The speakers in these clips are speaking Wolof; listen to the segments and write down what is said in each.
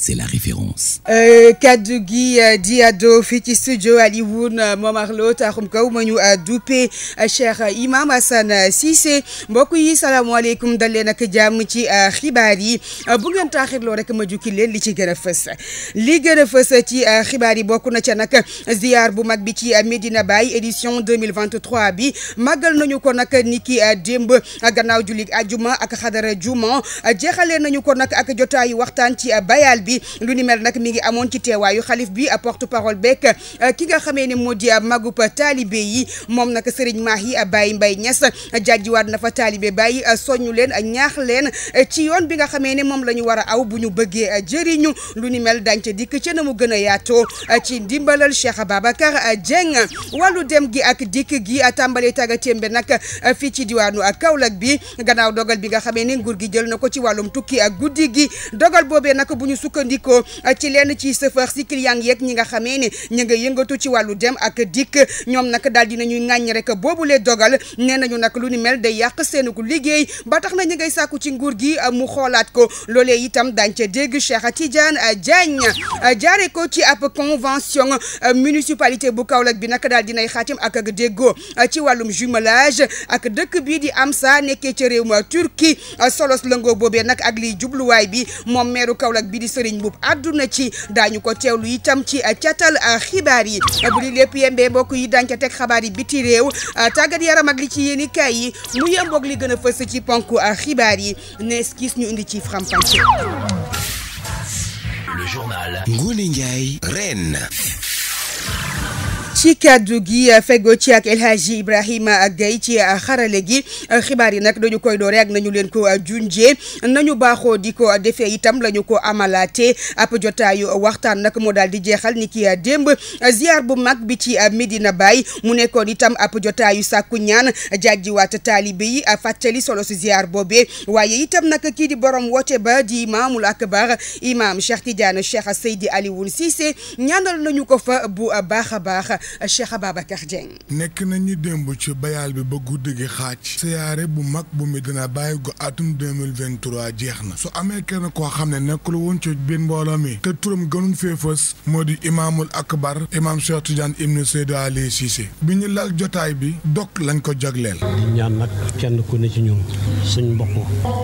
c'est la référence. Euh, kaddu gi euh, di àddoo fii ci studio Alioune euh, Momar Lo taxum kaw ma ñu dupe Cheikh Imam Assane Cissé mbokk yi salaamaaleykum dal leen ak jàmm ci xibaar yi bu ngeen taaxirloo rek ma jukki leen li ci gën a fës li gën ci xibaar yi bokk na ci nag ziar bu mag bi ci Medina Baye édition 2023 bi màggal nañu ko nag niki démb gannaaw julli ajuma ak xadara juma jeexalee nañu ko nag ak jotaayu waxtaan ci bayal bi. bi lu ni mel nag mi ngi amoon ci teewaayu xalif bi porte parole beeg euh, ki nga xamee ne moo di magub taalibe yi moom nag Serigne Mahi Baye Mbaye Niass jàjjiwaat na fa taalibe a euh, soññu leen a euh, ñaax leen ci yoon bi nga xamee ne moom lañu ñu war a aw bu ñu bëggee jëriñu lu ni mel dañ ca dikk ca na mu gën a yaatoo ci ndimbalal Cheikh Babacar Dieng wàllu dem gi ak dikk gi tàmbale tàgga témbe nag fii ci diwaanu Kaolack bi gannaaw dogal bi nga xamee ne nguur gi jël na ko ci wàllum tukki ak sukkandikoo ah, ci lenn ci sëfër si client yeeg ñi nga xamee ne ñu nga yëngatu ci wàllu dem ak dikk ñoom nak nag daal dinañuy ŋàññ rek boobule dogal nee ñu nag lu ni mel day yàq seenuku liggéey ba tax na ñu ngay sàkku ci nguur gi ah, mu xoolaat ko loolee itam dañ ca dégg Cheikh Tidiane ah, Diagne jaare ko ci ab convention municipalité bu Kaolack bi nag daal dinay xaatim ak ak déggoo ci wàllum jumelage ak dëkk bi di am Amsa nekkee ca réew ma Turquie solos lëngoo boobee nag ak liy bi moom Serigne Mboup àdduna ci daañu ko teew teewlu itam ci uh, catal uh, xibaar yi uh, bu li lépp yembee mbokk yi dañ ca teg xabaar yi biti réew tàggat yaram ak li ci yéeni kaay yi mu yemboog li gën a fës ci ponk xibaar yi nees gis ñu indi ci faram-fàcce. Le journal Ngoné Ndiaye Reine. ci kàddu gi eh, fego ci ak El Hadji Ibrahima Gueye ci eh, xarale gi eh, xibaar yi nag dañu koy doore ak nañu leen ko junjee nañu baaxoo di ko defee itam la ñu ko amalaatee ab jotaayu waxtaan nag moo daal di jeexal ni ki démb ziar bu mag bi ci Medina Baye mu nekkoon itam ab jotaayu sàkku ñaan jàjjiwaat taalibe yi fàttali solo si ziar boobee itam nag kii di borom woote ba di imaamul akbar imaam Cheikh Tidiane Cheikh Seydi Alioune Cissé ñaanal nañu ko fa bu baax a baax. Cheikh Ababacar Dieng. nekk nañu démb ci bayaal bi ba guddi gi xaaj. siyaare bu mag bu Medina bàyyi gu atum deux mille vingt trois jeex na. su amee kenn koo xam ne nekkul woon ci biir mbooloo mi. te turam gënuñ fee fës. moo di imaamul akbar imaam Cheikh Tidiane Ibn Seydou Ali Cissé. bi ñu lal jotaay bi. dok lañ ko jagleel. di ñaan nag kenn ku ne ci ñun. suñ mbokk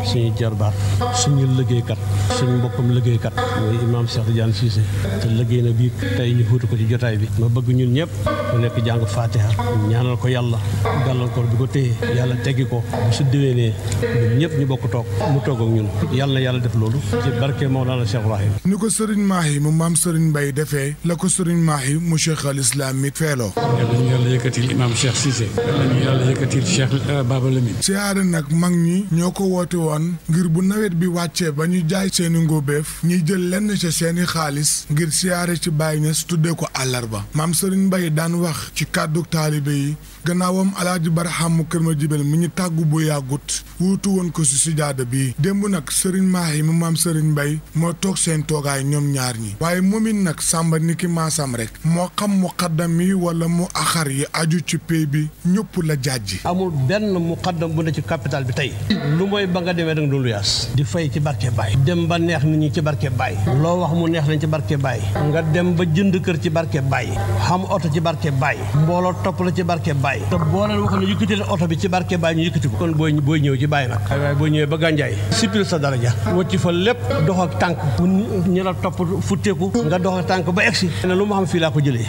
suñu jarbaat. suñu liggéeykat. suñu mbokkum liggéeykat. mooy imaam Cheikh Tidiane Cissé. te liggéey na bii tey ñu fuutu ko ci jotaay bi. ma bëgg ñun ñëpp. ku nekk jàng fatiha ñaanal ko yàlla gàllankoor bi ko téye yàlla teggi ko bu su déwénee ñun ñëpp ñu bokk toog mu toog ak ñun yàlla yàlla def loolu ci barke Mawlana Cheikh Ibrahim ni ko sëriñ Mahi mu maam sëriñ Mbaye defee la ko sëriñ Mahi mu Cheikh al Islam mit feeloo yàlla ñu yàlla yëkkatil imaam Cheikh Cissé yàlla ñu yàlla yëkkatil Cheikh euh, Baba Lamine si aada nag mag ñi ñoo ko woote woon ngir bu nawet bi wàccee ba ñu jaay seeni ngóobeef ñuy jël lenn ca seeni xaalis ngir siyaare ci Baay Ñas ko àllarba daan wax ci kàddu taalibe yi gannaawam alaaji baraham kër ma jibel mu ñu tàggu bu yàggut wuutu woon ko si sijaada bi démb nag sëriñ yi mu maam sëriñ mbay moo toog seen toogaay ñoom ñaar ñi waaye moom nag sàmba ni ki maasam rek moo xam muqaddam yi wala mu axar yi aju ci pay bi ñëpp la jàjj amul benn muqaddam bu ne ci capital bi tey lu mooy ba nga demee danga doon lu yaas di fay ci barke baay dem ba neex nit ñi ci barke baay loo wax mu neex nañ ci barke baay nga dem ba jënd kër ci barke baay Baye te boo leen waxoon ne yëkkatil oto bi ci barke Baye ñu yëkkati ko kon booy booy ñëw ci Baye nag booy ñëwee ba gànjaay sippil sa daraja wacci fa lépp dox tànk la topp futteeku nga dox ak tànk ba egsi ne lu ma xam fii laa ko jëlee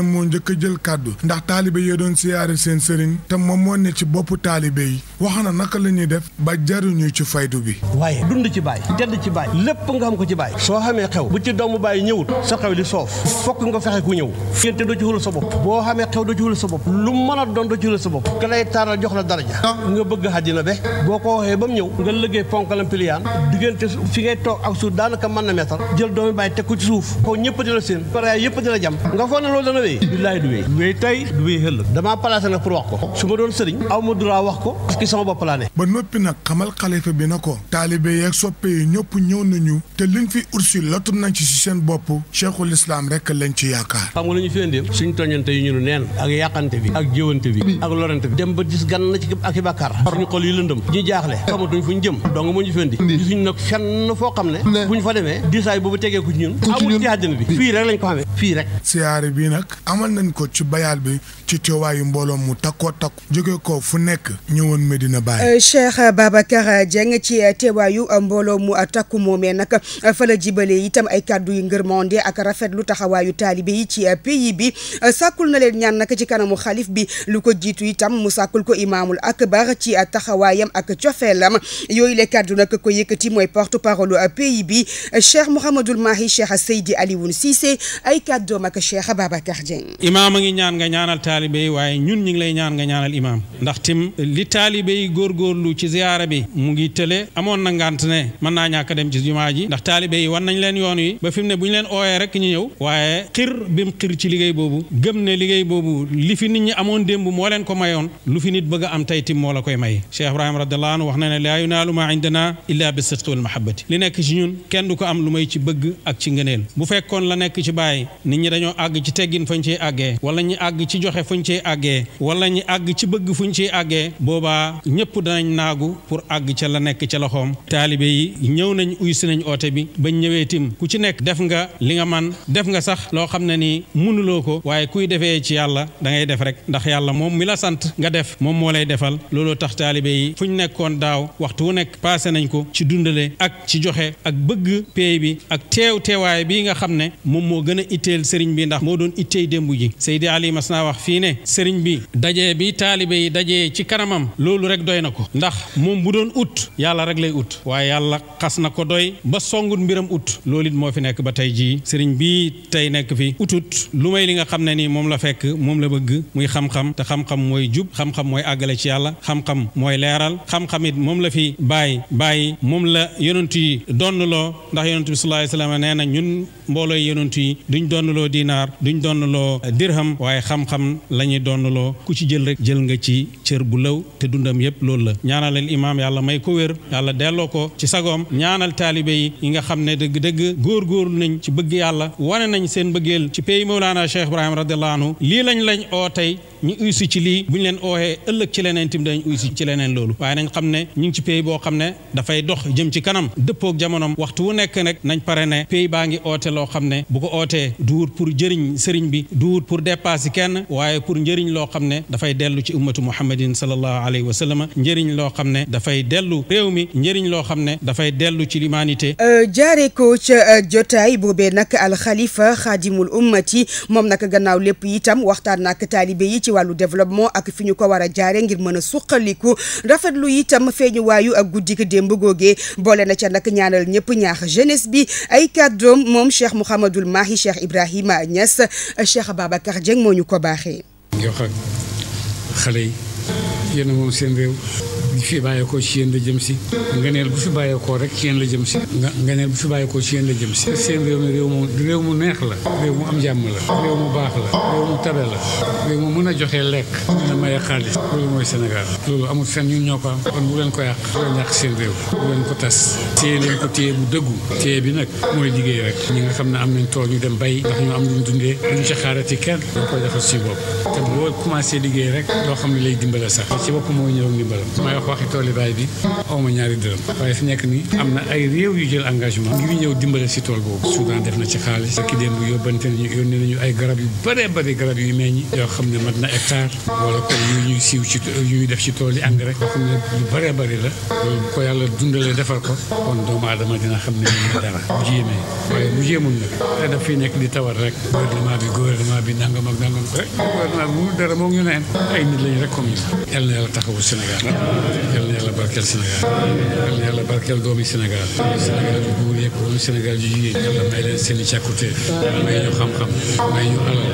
moo njëkk jël kàddu ndax taalibe yee doon siyaare seen sëriñ te moom moo ne ci boppu taalibe yi wax na naka la ñuy def ba jaruñu ci faydu bi waaye dund ci Baye tedd ci Baye lépp nga xam ko ci Baye soo xamee xew bu ci doomu Baye ñëwut sa xew li soof fokk nga fexe ku ñëw yéen te doo ci xul xamee xew da juwul sa bopp lu mën a doon da juwul sa bopp ka lay taaral jox la daraja ah. nga bëgg àddina be boo ko waxee ba mu ñëw nga liggéey ponkalam piliyaan diggante fi ngay toog ak suuf daanaka mën na meetar jël doomi bàyyi teg ko ci suuf ko ñëpp di la seen pare yëpp di la jam nga foog ne loolu dana wéy billaay du wéy du wéy tey du wéy ëllëg damaa placé nag pour wax ko su ma doon sëriñ aw ma droit wax ko parce que sama bopp laa ne ba noppi nag xamal xalifa bi na ko taalibe lu neen ak yàqante bi ak jëwante bi ak lorante bi dem ba gis gan na ci ak i bàkkaar suñu xol yi lëndëm ñu jaaxle xamatuñ fu ñu mu ñu fendi gisuñ nag fenn foo xam ne bu ñu fa demee ba boobu tegee ku ci ñun amul ci àddina bi fii rek lañ ko xamee fii rek siyaare bii nag amal nañ ko ci bayaal bi ci teewaayu mbooloo mu takkoo takku jóge ko fu nekk ñëwoon Medina Baye euh, Cheikh Babacar Dieng ci teewaayu mbooloo mu takku moomee nag fa la jibale itam ay kàddu yu ngërmande ak rafetlu taxawaayu taalibe yi ci pays bi euh, sàkkul na leen ñaan nag ci kanamu xalif bi lu ko jiitu itam mu sàkkul ko imaamul akbar ci taxawaayam ak cofeelam yooyu le kàddu nag ko yëkkati mooy porte parole pays bi Cheikh Mouhamadul Mahi Cheikh Seydi Alioune Cissé ay kàddoom ak Cheikh Babacar Dieng. imaam a ngi ñaan nga ñaanal taalibe yi waaye ñun ñu ngi lay ñaan nga ñaanal imaam ndax tim li taalibe yi lu ci ziyaara bi mu ngi tële amoon na ngant ne mën naa ñàkk dem ci jumaa ji ndax taalibe yi wan nañ leen yoon wi ba fi mu bu ñu leen ooyee rek ñu ñëw liggéey boobu li fi nit ñi amoon démb moo leen ko mayoon lu fi nit bëgg a am tey tim moo la koy may Cheikh Ibrahima radiallahu anhu wax na ne laa yunaalu maa indana illa bi sidqi wal mahabbati li nekk ci ñun kenn du ko am lu may ci bëgg ak ci ngëneel bu fekkoon la nekk ci bàyyi nit ñi dañoo àgg ci teggin fañ ciy àggee wala ñi àgg ci joxe fuñ ciy àggee wala ñi àgg ci bëgg fuñ ciy àggee boobaa ñëpp danañ naagu pour àgg ca la nekk ca loxoom taalibe yi ñëw nañ uy nañ oote bi bañ ñëwee tim ku ci nekk def nga li nga man def nga sax loo xam ne ni mënuloo ko ci yàlla da ngay def rek ndax yàlla moom mi la sant nga def moom moo lay defal looloo tax taalibe yi fu ñu nekkoon daaw waxtu wu nekk passé nañ ko ci dundale ak ci joxe ak bëgg pay bi ak teew teewaay bii nga xam ne moom moo gën a itteel sëriñ bi ndax moo doon itteey démb ji Seydi Ali mas naa wax fii ne sëriñ bi dajee bi taalibe yi dajee ci kanamam loolu rek doy na ko ndax moom bu doon ut yàlla rek lay ut waaye yàlla xas na ko doy ba songut mbiram ut loolu it nekk ba fekk moom la bëgg muy xam-xam te xam-xam mooy jub xam-xam mooy àggale ci yàlla xam-xam mooy leeral xam-xam it moom la fi bàyyi bàyyi moom la yonent yi donnloo ndax yonent bi sallallahu alayhi wasallam nee na ñun mboolooy yonent yi duñ donnloo dinaar duñ donnloo dirham waaye xam-xam la ñuy donnloo ku ci jël rek jël nga ci cër bu law te dundam yépp lool la ñaanalal imaam yàlla may ko wér yàlla delloo ko ci sagoom ñaanal taalibe yi yi nga xam ne dëgg dëgg góor góorlu nañ ci bëgg yàlla wane nañ seen bëggeel ci pays Mawlana Cheikh Ibrahim radiyallahu lii lañ lañ oo tey ñu ci lii bu ñu leen ooxee ëllëg ci leneen tim dañ uysi ci leneen loolu waaye nañ xam ne ñu ngi ci pays boo xam ne dafay dox jëm ci kanam dëppook jamonoom waxtu wu nekk nag nañ pare ne pays baa ngi oote loo xam ne bu ko ootee duwut pour jëriñ sëriñ bi duwut pour dépasser kenn waaye pour njëriñ loo xam ne dafay dellu ci ummatu muhammadin sallallahu alayhi wa sallam njëriñ loo xam ne dafay dellu réew mi njëriñ loo xam ne dafay dellu ci l'humanité euh, jaare ko ca euh, jotaay boobee nag alxalifa xaadimul ummati moom nag gannaaw itam waxtaan na ak taalibe yi ci wàllu développement ak fi ñu ko war a jaare ngir mën a suqaliku rafetlu itam feeñu waayu ak guddik démb googee boole na ca nag ñaanal ñëpp ñaax jeunesse bi ay doom moom Cheikh Mouhamadul Mahi Cheikh Ibrahima Niass Cheikh Babacar Dieng moo ñu ko baaxee. ngi wax li fi bàyyeekoo ci yéen la jëm si ngeneel bu fi bàyyeekoo rek ci yéen la jëm si ngeneel bu fi bàyyeekoo ci yéen la jëm si seen réew mi réew mu réew mu neex la réew mu am jàmm la réew mu baax la réew mu tabe la réew mu mën a joxee lekk mën a maye xaalis loolu mooy Sénégal loolu amul fenn ñun ñoo ko am kon bu leen ko yàq bu leen yàq seen réew bu leen ko tas téye leen ko téye bu dëggu téye bi nag mooy liggéey rek ñi nga xam ne am nañ tool ñu dem bay ndax ñu am luñ dundee duñ ci xaarati kenn dañ koy defal suñu bopp te boo commencé liggéey rek loo xam ne lay dimbale sax ci bopp mooy ñëw dimbale wax waxi tooli baay bi ñaari dërëm waaye fi nekk nii am na ay réew yu jël engagement ngir ñëw dimbale si tool boobu Soudan def na ci xaalis ki démb yóbbante nañu yónnee nañu ay garab yu bëree bëri garab yu meññ yoo xam ne mat na hectare wala ko yu ñuy siiw ci yu ñuy def ci tool yi rek yoo xam ne lu bëree bëri la loolu ko yàlla dundalee defal ko kon doomu aadama dina xam ne mën na dara bu jéemee waaye bu jéemul nag te daf fi nekk di tawat rek gouvernement bi gouvernement bi nangam ak nangam rek gouvernement bi rek comme ñu yàlla yal na yàlla barkeel Sénégal yal na yàlla barkeel doomi Sénégal Sénégal yu góor yeeg doomi Sénégal yu jigéen yàlla may leen seen i càkkute may ñu xam-xam may ñu alal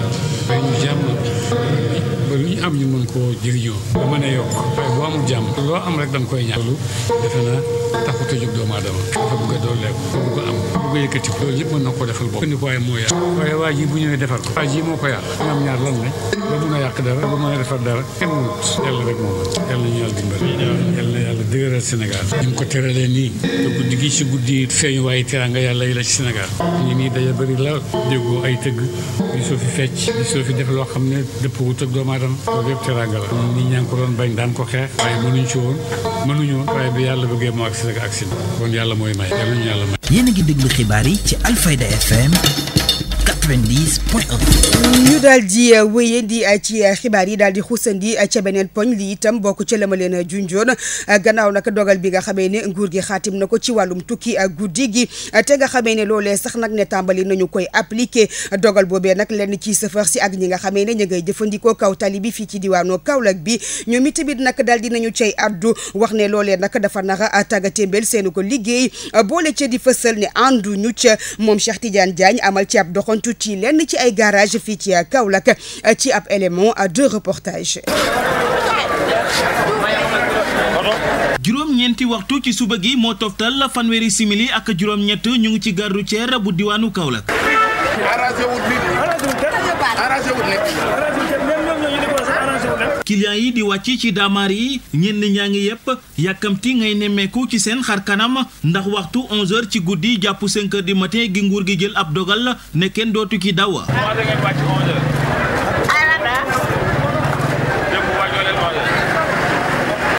may ñu jàmm ba lu ñu am ñu mën koo jëriñoo mën a yokk waaye boo amul jàmm loo am rek da nga koy ñaan loolu defe naa taxut a jóg doomu aadama dafa bëgg a doon lekk bëgg a am bëgg a yëkkati loolu yëpp mën na koo defal bopp indi waaye moo yàq waaye waa ji bu ñëwee defar ko waa ji moo ko yàq ñoom ñaar lan lañ ba a yàq dara ba a defar dara kenn mënut yàlla ñu yàlla dimbali yàlla na yàlla dëgëral Sénégal ñu ko tëralee nii te guddi gi si guddi feeñ waaye teraanga yàlla yi la ci Sénégal ñu nii daja bëri la déggoo ay tëgg bi soo fi fecc bi soo fi def loo xam ne dëpp doon loolu yëpp teranga la nit ñaa ngi ko doon bañ daan ko xeex waaye mënuñ ci woon mënuñu woon waaye bi yàlla bëggee moo agsi nag agsi na kon yàlla mooy may yàlla ñu yàlla may yéen a ngi déglu xibaar yi 90 point 1. ñu di euh, wéyee euh, ci euh, xibaar yi daal di xusandi ca beneen poñ li itam bokk ca la ma leen junjoon gannaaw nag dogal bi nga xamee ne nguur gi xaatim na ko ci wàllum tukki guddi gi te nga xamee ne loolee sax nag ne tàmbali nañu koy appliqué dogal boobe nag lenn ci sëfar si ak ñi nga xamee ne ñu ngay jëfandikoo kaw tali bi fii ci diwaanu Kaolack bi ñoomi itamit nag daal di nañu cay addu wax ne loolee nag dafa nara tàggatémbel seenu ko liggéey boole ca di fësal ne àndu ñu ca moom amal ci ci lenn ci ay garage ci Kaolack ci ab élément à deux reportages. juróom-ñeenti waxtu ci suba gi moo toftal fanweeri simili ak juróom-ñett ñu ngi ci gare routière bu diwaanu Kaolack. clients yi di wàcc ci daamaar yi ñenn ñaa ngi yëpp yàkkamti ngay nemmeeku ci seen xar kanam ndax waxtu 11 ci guddi jàpp 5h du matin gi nguur gi jël ab dogal ne kenn dootu ki daw.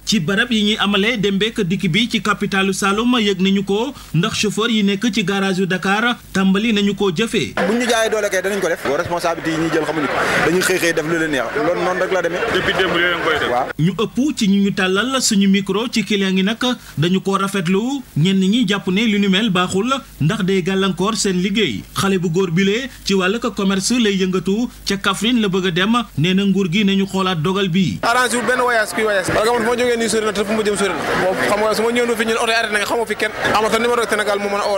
ci barab yi ñuy amalee dem beek dikk bi ci capitalu Saloum yëg nañu ko ndax chauffeur yi nekk ci garage yu Dakar tàmbali nañu koo jëfee bu ñu jaayee doole kay danañ ko def responsabilité yi ñuy jël xamuñu ko dañuy xëy xëy def lu leen neex loolu noonu rek la demee depuis démb yooyu koy def ñu ëpp ci ñu ñu tàllal suñu micro ci client yi nag dañu ko rafetlu ñenn ñi jàpp ne lu nu mel baaxul ndax day gàllankoor seen liggéey xale bu góor bilee ci wàll commerce lay yëngatu ca Kaffrine la bëgg dem nee na nguur gi nañu xoolaat dogal bi ñëwee nii sori na te fu ma jëm sori na boobu xam nga su ma ñëwoon fi ñu ne oto arrêté na nga xamoo fi kenn ama ta numéro Sénégal mu mën a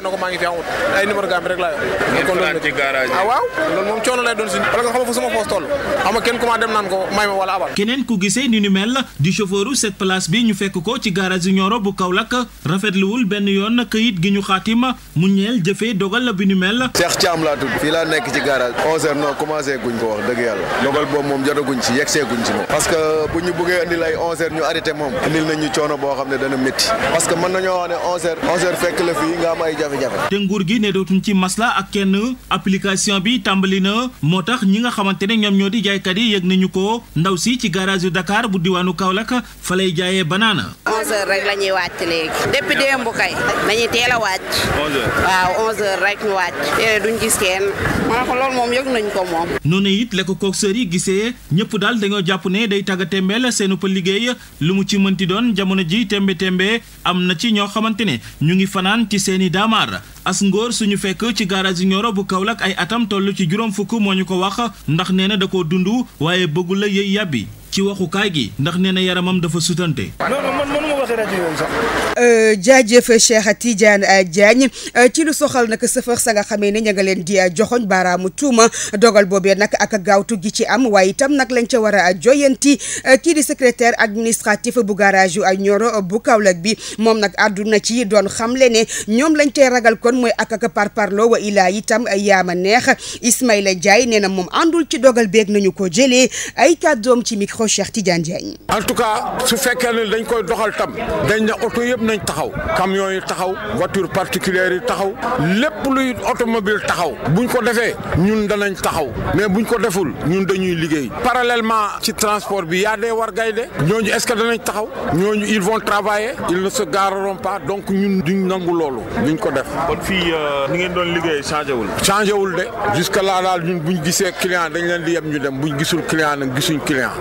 ah, moom coono lay doon si wala bi ñu fekk ko ci garage Nioro bu Kaolack rafetluwul benn yoon këyit gi ñu xaatima mu ñeel jëfee dogal bi nu mel Cheikh laa tudd fii laa nekk ci garage onze heures non commencé guñ ko wax dëgg yàlla dogal boobu moom jotaguñ ci yegsee guñ ci moom bu ñu bëggee indi lay onze heures moom indil nañu coono boo xam ne dana métti parce mën nañoo wax ne onze heures fekk la fii nga am jafe-jafe. te nguur gi ne dootuñ ci masla ak kenn application bi tàmbali na moo tax ñi nga xamante ne ñoom ñoo di jaaykat yi yëg nañu ko ndaw si ci garage yu Dakar bu diwaanu Kaolack fa lay jaayee banaana. onze rek la ñuy wàcc léegi depuis démb kay dañuy teel a wàcc. onze heures waaw onze heures rek ñu wàcc. te duñ gis kenn man ko loolu moom yëg nañ ko moom. noonu it la ko coxeur mënti doon jamono ji tembe tembe am na ci ñoo xamante ne ñu ngi fanaan ci seeni daamaar as su ñu fekk ci garage Nioro bu Kaolack ay atam toll ci juróom fukk moo ñu ko wax ndax nee na da koo dund waaye bëggul la yàbbi ci waxukaay gi ndax nee na yaramam dafa sutante. non non man mënuma waxee rajo yooyu sax. Euh, jaajëf Cheikh Tidiane euh, euh, ci lu soxal nag sëfër sa nga xamee ne ña nga leen di joxoñ baaraamu tuuma dogal boobee nag ak gaawtu gi ci am waaye itam nag lañ ca war a joyanti kii di secrétaire administratif bu garage yu Nioro bu Kaolack bi moom nag àdduna ci doon xamle ne ñoom lañ tey ragal kon mooy ak ak par par parparloo wa ilaa itam yaama neex Ismaïla jaay nee na moom àndul ci dogal beeg nañu ko jëlee ay kàddoom ci Cheikh Tidiane Diagne. en tout cas su fekkee ne dañ koy doxal tam dañ oto yëpp nañ taxaw camion yi taxaw voiture particulière yi taxaw lépp luy automobile taxaw buñ ko defee ñun danañ taxaw mais buñ ko deful ñun dañuy liggéey parallèlement ci transport bi yaa dee war gaynde ñooñu est-ce que danañ taxaw ñooñu ils vont travailler ils ne se gareront pas donc ñun duñ nangu loolu duñ ko def. kon fii euh, ni ngeen doon liggéey changé wul. changé wul de jusque là daal ñun buñ gisee client dañ leen di yem ñu dem buñ gisul client nag gisuñ client.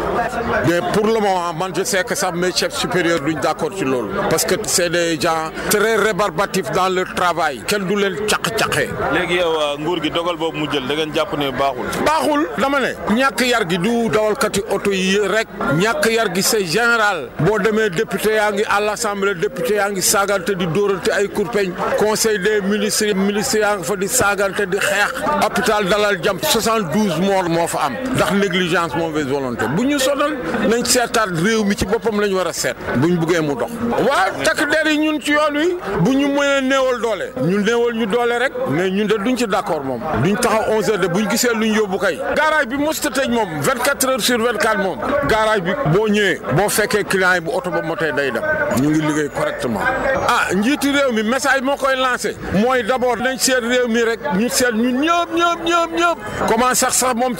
mais pour le moment man je sais que sax mes chefs supérieurs d'accord ci loolu parce que c'est des gens très rébarbatifs dans leur travail kenn du leen caq-caqee léegi yow euh, nguur gi dogal boobu mu jël da ngeen jàpp ne baaxul baaxul dama ne ñàkk yar gi du dawalkati oto yi rek ñàkk yar gi se général boo demee député yaa ngi à l'assemblée député yaa ngi saagante di dóorante ay kurpeñ conseil des ministre ministres yaa ngi fa di saagante di xeex hôpital dalal jàmm 72 morts moo fa am ndax doon nañ seetaat réew mi ci boppam lañ war a seet buñ buggee mu dox waaw takk der yi ñun ci yoon wi bu ñu mënee néewal doole ñu néewal ñu doole rek mais ñun de duñ ci d'accord moom duñ taxaw 11 heures de buñ lu luñ yóbbu kay garage bi mosta tëj moom 24 heures sur 24 moom garage bi boo ñëwee boo fekkee client yi bu oto ba motee day dem ñu ngi liggéey correctement ah njiitu réew mi message moo koy lancé mooy d'abord nañ seet réew mi rek ñu seet ñun ñëpp ñëpp ñëpp ñëpp comment sax sax moom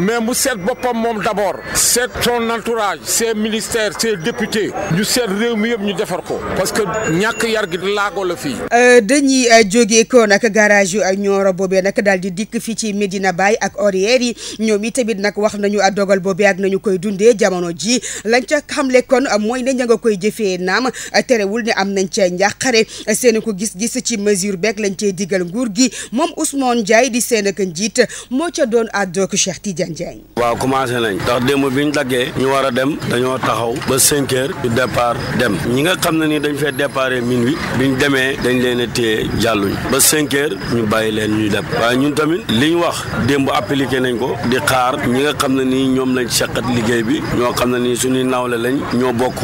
mais mu seet boppam moom d'abord seet son entourage ses ministères ses députés ñu seet réew mi yëpp ñu defar ko parce que ñàkk yar gi laagoo la fii. Euh, dañuy euh, jógee ko nag garage yu Nioro boobee nag daal di dikk fii ci Medina Baye ak Orière yi ñoom itamit nag wax nañu dogal boobee ak nañu koy dundee jamono ji lañ ca xamle kon mooy ne ña koy jëfee naam terewul ne am nañ ca njàqare seen ko gis-gis ci mesure beeg lañ cey digal nguur gi moom Ousmane Ndiaye di seen ak njiit moo ca doon àddoog Cheikh Tidiane Dieng. waaw commencé nañ ndax démb bi ñu daggee ñu war a dem dañoo taxaw ba cinq heures du départ dem ñi nga xam ne ni dañ fee départ minuit bi ñu demee dañ leen a téye jàlluñ ba cinq ñu bàyyi leen ñuy dem waaye ñun tamit li ñu wax démb appliqué nañ ko di xaar ñi nga xam ne nii ñoom lañ seqat liggéey bi ñoo xam ne ni suñuy nawle lañ ñoo bokk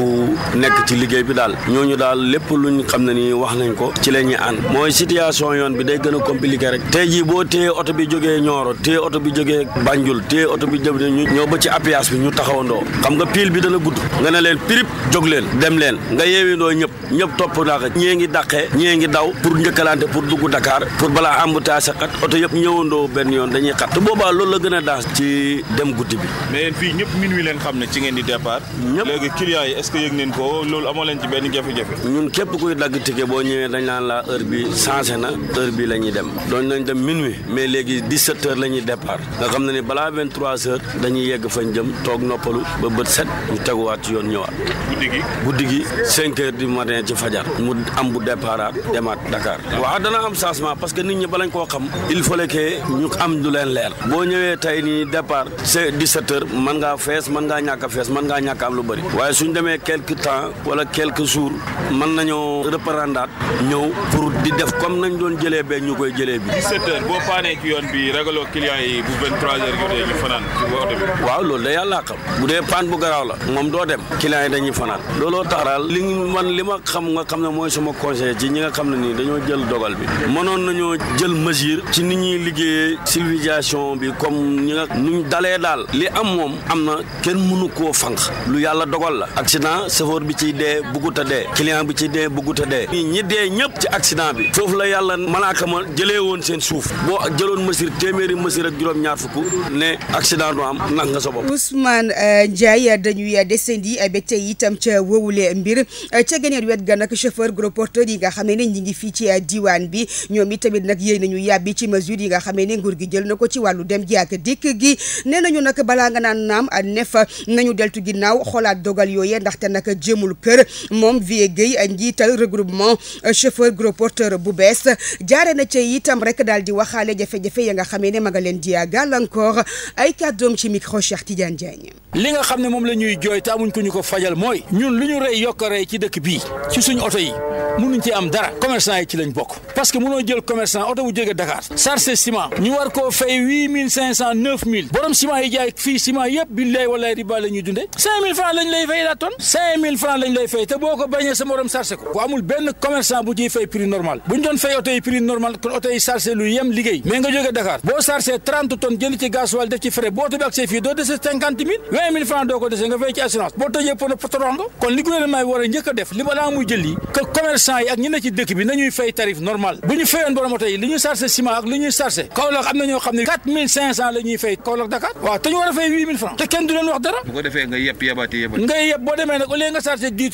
nekk ci liggéey bi daal ñooñu daal lépp luñ xam ne ni wax nañ ko ci la ñuy ànd mooy situation yoon bi day gën a rek tey jii bi jógee téye oto bi jëm ñu ñëw ba ci appuyage bi ñu taxawandoo xam nga pile bi dana gudd nga ne leen pirip jóg leen dem leen nga yeewindoo ñëpp ñëpp topp naa ko ñee ngi dàqee ñee ngi daw pour njëkkalante pour dugg Dakar pour balaa embouteillage sa xat oto yëpp ñëwandoo benn yoon dañuy xat te boobaa loolu la gën a daas ci dem guddi bi mais yéen fii ñëpp min leen xam ne ci ngeen di départ ñëpp léegi clients yi est-ce que yëg neen ko loolu amoo leen ci benn jafe-jafe ñun képp kuy dagg ticket boo ñëwee dañ naan la heure bi changé na heure bi la ñuy dem doon nañ dem minuit mais léegi 17 heures la ñuy départ 23 heures dañuy yegg fañ jëm toog noppalu ba bët set ñu teguwaat ci yoon ñëwaat. guddi gi guddi gi 5 heures du matin ci fajar mu am bu départ demaat Dakar. Ah. waaw dana am changement parce que nit ñi balañ koo xam. il fallait que ñu am du leen leer. boo ñëwee tey nii départ c'est 17 man mën ngaa fees man ngaa ñàkk a fees mën ngaa ñàkk am lu bëri. waaye suñ demee quelque temps wala quelques jours mën nañoo reprendre ñëw pour di def comme nañ doon jëlee bee ñu koy jëlee bi. 17 heures dañuy fanaan ci oto bi. waaw loolu de yàlla xam bu dee paan bu garaaw la moom doo dem client yi dañuy fanaan looloo tax daal li man li ma xam nga xam ne mooy ma conseil ci ñi nga xam ne nii dañoo jël dogal bi mënoon nañoo jël mesure ci ni ñuy liggéeyee civilisation bi comme ñi nga nuñ dalee daal li am moom am na kenn mënu koo fanq lu yàlla dogal la accident chauffeur bi ciy dee buggut a dee client bi ciy dee buggut a dee ñi dee ñëpp ci accident bi foofu la yàlla malaaka ma jëlee woon seen suuf boo jëloon mesure téeméeri mesure accident du am nag nga sa bopp. Ousmane euh, Ndiaye dañuy descendi euh, ba tey itam ca wowule mbir euh, ca geneen wet ga nag chauffeur gros porteur yi nga xam ne ñi ngi fii ci diwaan bi ñoom itamit nag yéey nañu yàbbi ci mesure yi nga xam ne nguur gi jël na ko ci wàllu dem gi ak dikk gi nee nañu nag balaa nga naan naam a nef nañu deltu ginnaaw xoolaat dogal yooyee ndaxte nag jëmul kër moom vi Guèye njiital regroupement chauffeur gros porteur bu bees jaare na ca itam rek daal di waxaale jafe ya nga xamee ne ma nga leen di gàllankoor ay kàddoom ci micro Cheikh Tidiane Diagne. li nga xam ne moom la jooy te amuñ ko ko fajal mooy ñun lu ñu rey yokk rey ci dëkk bii ci suñu oto yi mënuñ ci am dara commerçant yi ci lañ bokk parce que mënoo jël commerçant oto bu jógee Dakar chargé ciment ñu war koo fay borom ciment yi jaay fii ciment yëpp billaay wallaay riba la ñuy dundee cinq mille lay fay la tonne cinq mille lay fay te boo ko bañee sa morom chargé ko ku amul benn commerçant bu ciy fay def ci frais boo oto bi ak see fii doo dese cinquante mille vingt mille franc doo ko dese nga fay ci assurance boo tojee pono patron kon li gouvernement bi njëkk def li balaa muy jël yi que ak ñi ne ci dëkk bi nañuy fay tarif normal bu ñu fayoon borom oto yi li ñu chargé ciment ak li ñuy chargé Kaolack am na ñoo xam ne quatre mille cinq cent la ñuy fay Kaolack Dakar waaw te ñu war a huit mille franc nga yëpp boo demee nag au nga chargé dix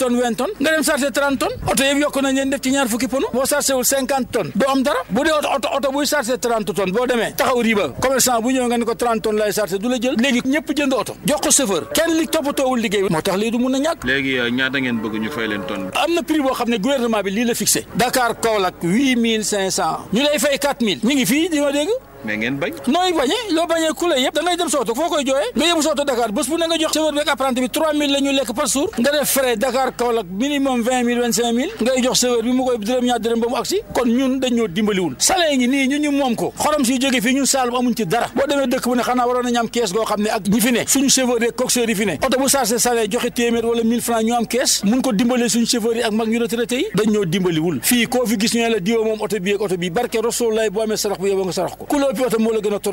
tonnes tonne lay chargé du la jël léegi ñëpp jënd oto jox ko chauffeur kenn li toppatoowul liggéey moo tax lii du mun a ñàkk léegi euh, ñaata ngeen bëgg ñu fay leen tonne am na prix boo xam ne gouvernement bi lii la fixé Dakar Kaolack huit mille cinq cent ñu lay fay quatre mille ñu ngi fii di dégg mais ngeen bañ. nooy bañee loo bañee kule yëpp da ngay dem sooto foo koy jooyee nga yóbbu sooto Dakar bés bu ne nga jox chauffeur bi ak apprenti bi 3000 la ñu lekk par jour nga def frais Dakar Kaolack minimum 20000 25000 ngay jox chauffeur bi mu koy dërëm ñaar dërëm ba mu agsi kon ñun dañ ñoo dimbaliwul salaire ngi nii ñun ñu moom ko xorom si jóge fii ñun Saalum amuñ ci dara boo demee dëkk bu ne xanaa waroon nañu am kees goo xam ne ak ñi fi ne suñu chauffeur yi coxeur yi fi ne oto bu chargé salaire joxe téeméer wala 1000 francs ñu am kees mun ko dimbalee suñu chauffeur yi ak mag ñu retraité yi dañ ñoo dimbaliwul fii koo fi gis ñu la diwa moom oto bi ak oto bi barke Rasulullah boo amee sarax bu yeboo nga sarax ko la ëpp oto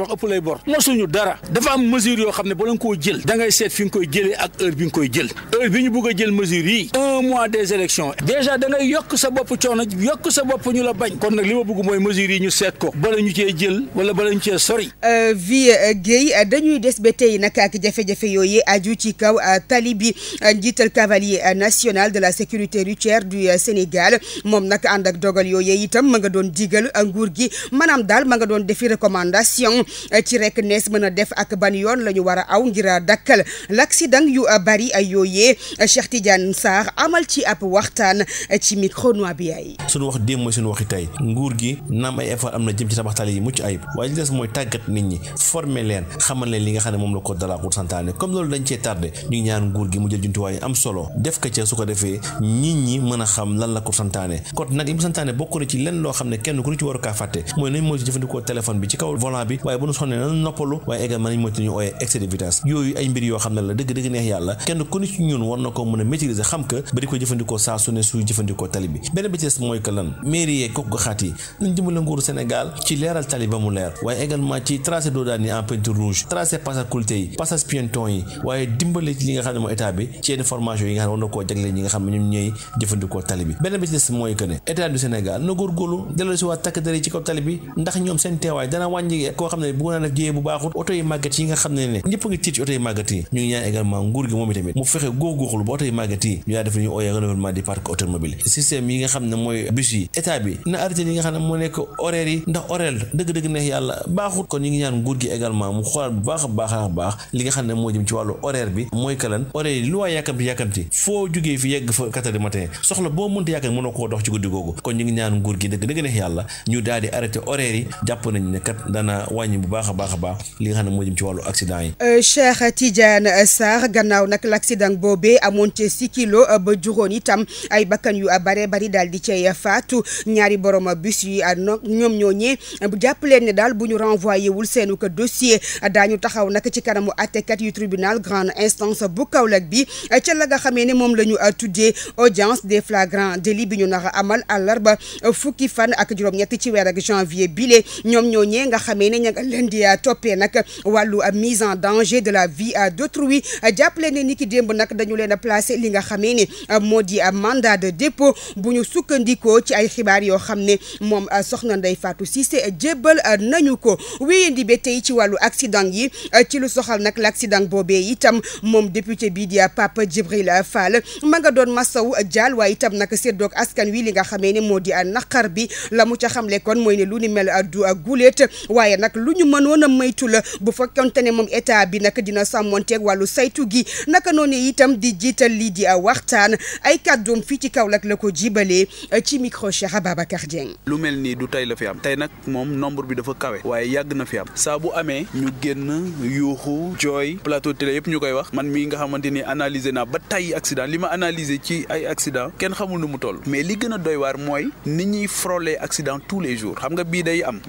yoo xam ne ba koo jël da ngay seet fi nga koy jëlee ak heure yokk sa bopp coono yokk sa bopp ñu la bañ kon nag li ma bëgg mooy mesure yi ñu seet ko bala ñu cee jël wala bala ñu cee sori euh, vie euh, Guèye euh, dañuy des ba tey nag ak jafe-jafe yooyu aju ci kaw tali bi njiital cavalier national de la sécurité routière du Sénégal moom nag ànd ak dogal yooyu itam ma nga doon digal nguur gi maanaam daal ma doon defi recommandation eh, ci rek nees mën a def ak ban yoon la ñu a aw ngir dakkal l'accident yu bari ay yooyee eh, Cheikh Tidiane Sarr amal ci ab waxtaan eh, ci micro noir bi ay suñu wax démb mooy suñu gi naam ay effort am na jëm ci tabax tali yi mucc ayib waaye li des mooy tàggat nit ñi former leen xamal leen li nga xam ne moom la ko dalaa santaane comme loolu dañ cee tardé ñu ngi nguur gi mu jël jumtuwaay am solo def ko su ko defee nit ñi mën a xam lan la ko santaane kon nag li mu santaane bokk na ci lenn loo xam ne kenn ku ñu ci war a kaa fàtte mooy nañ mooy si ci kaw volant bi waaye bu nu sonnee nan noppalu waaye également nañ moytu ñu ooyee ne neex yàlla kenn ku ne ci ñun war na ko mën a maîtriser xam que ba ko jëfandikoo saa ne suy jëfandikoo tali bi ba mu leer waaye également ci tracé doodaan yi en peinture rouge tracé passage culté yi passage piéton yi waaye dimbale li nga xam ne mooy état bi ci yenn formation yi nga xam ne war na koo jagleel ñi nga xam ne ñoom ñooy jëfandikoo tali bi beneen maanaam wàññi koo nga xam ne a mu fexe góorgóorlu yi màggat yi yi nga xam ne mooy a a baax jëm ci wàllu horaire bi mooy kalan horaire yi lu yàkkamti yàkkamti foo jógee fi yegg fa quatre du soxla boo mënta yàkkamti mënoo koo dox ci guddi googu kon ñu ngi ñaan nguur gi dëgg dëgg neex yàlla ñu daal di arrêté horaire yi jàpp nañ ne kat dana wàññi bu baax a baax a baax li nga ne moo jëm ci wàllu accident yi. Euh, Cheikh Tidiane Sarr gannaaw nag l' accident boobee amoon ci si kilo euh, ba juróom itam ay bakkan yu a bare bari daal di cay faatu ñaari borom bus yi euh, ñoom ñoo ñee jàpp leen ne daal bu ñu renvoyé wul seenu ko dossier daañu taxaw nak ci kanamu àttekat yu tribunal grande instance bu Kaolack bi ca la nga xamee ne moom la ñu tuddee audience des flagrants délits bi ñu nax a amal àllarba fukki ak juróom ci weer ak noonee nga xamee ne ña nga leen di ah, toppee nag wàllu ah, mise en danger de la vie ah, d'autrui jàppale ni ki démb nag dañu leen a placé li nga xamee ne moo di mandat de dépôt bu ñu sukkandikoo ci ay xibaar yoo xam ne moom soxna Ndeye Fatou Cissé jébbal nañu ko wéyandi ba tey ci wàllu accident yi ci lu soxal nag l' accident boobee itam moom député bii di Pape Djibril Fall ma nga doon masaw jaal waaye tam nak seddoog askan wi li nga xamee ne moo di bi la mu ca xamle kon mooy ne lu ni mel du guléet waaye nag lu ñu mënoon a maytu la bu fekkonte ne moom état bi nag dina sàmmonteeg wàllu saytu gi naka noonu itam di jiital lii di waxtaan ay kàddoom fii ci Kaolack la ko jibalee euh, ci micro Cheikh Ababacar Dieng. lu mel nii du tey la fi am tey nag moom nombre bi dafa kawe waaye yàgg na fi am saa bu amee ñu génn yuuxu jooy plateau télé yëpp ñu koy wax man mii nga xamante ni analyser naa ba tay accident li ma analyser ci ay accident kenn xamul nu mu toll mais li gën a doy waar mooy ni ñuy frôler accident tous les jours xam nga bii day am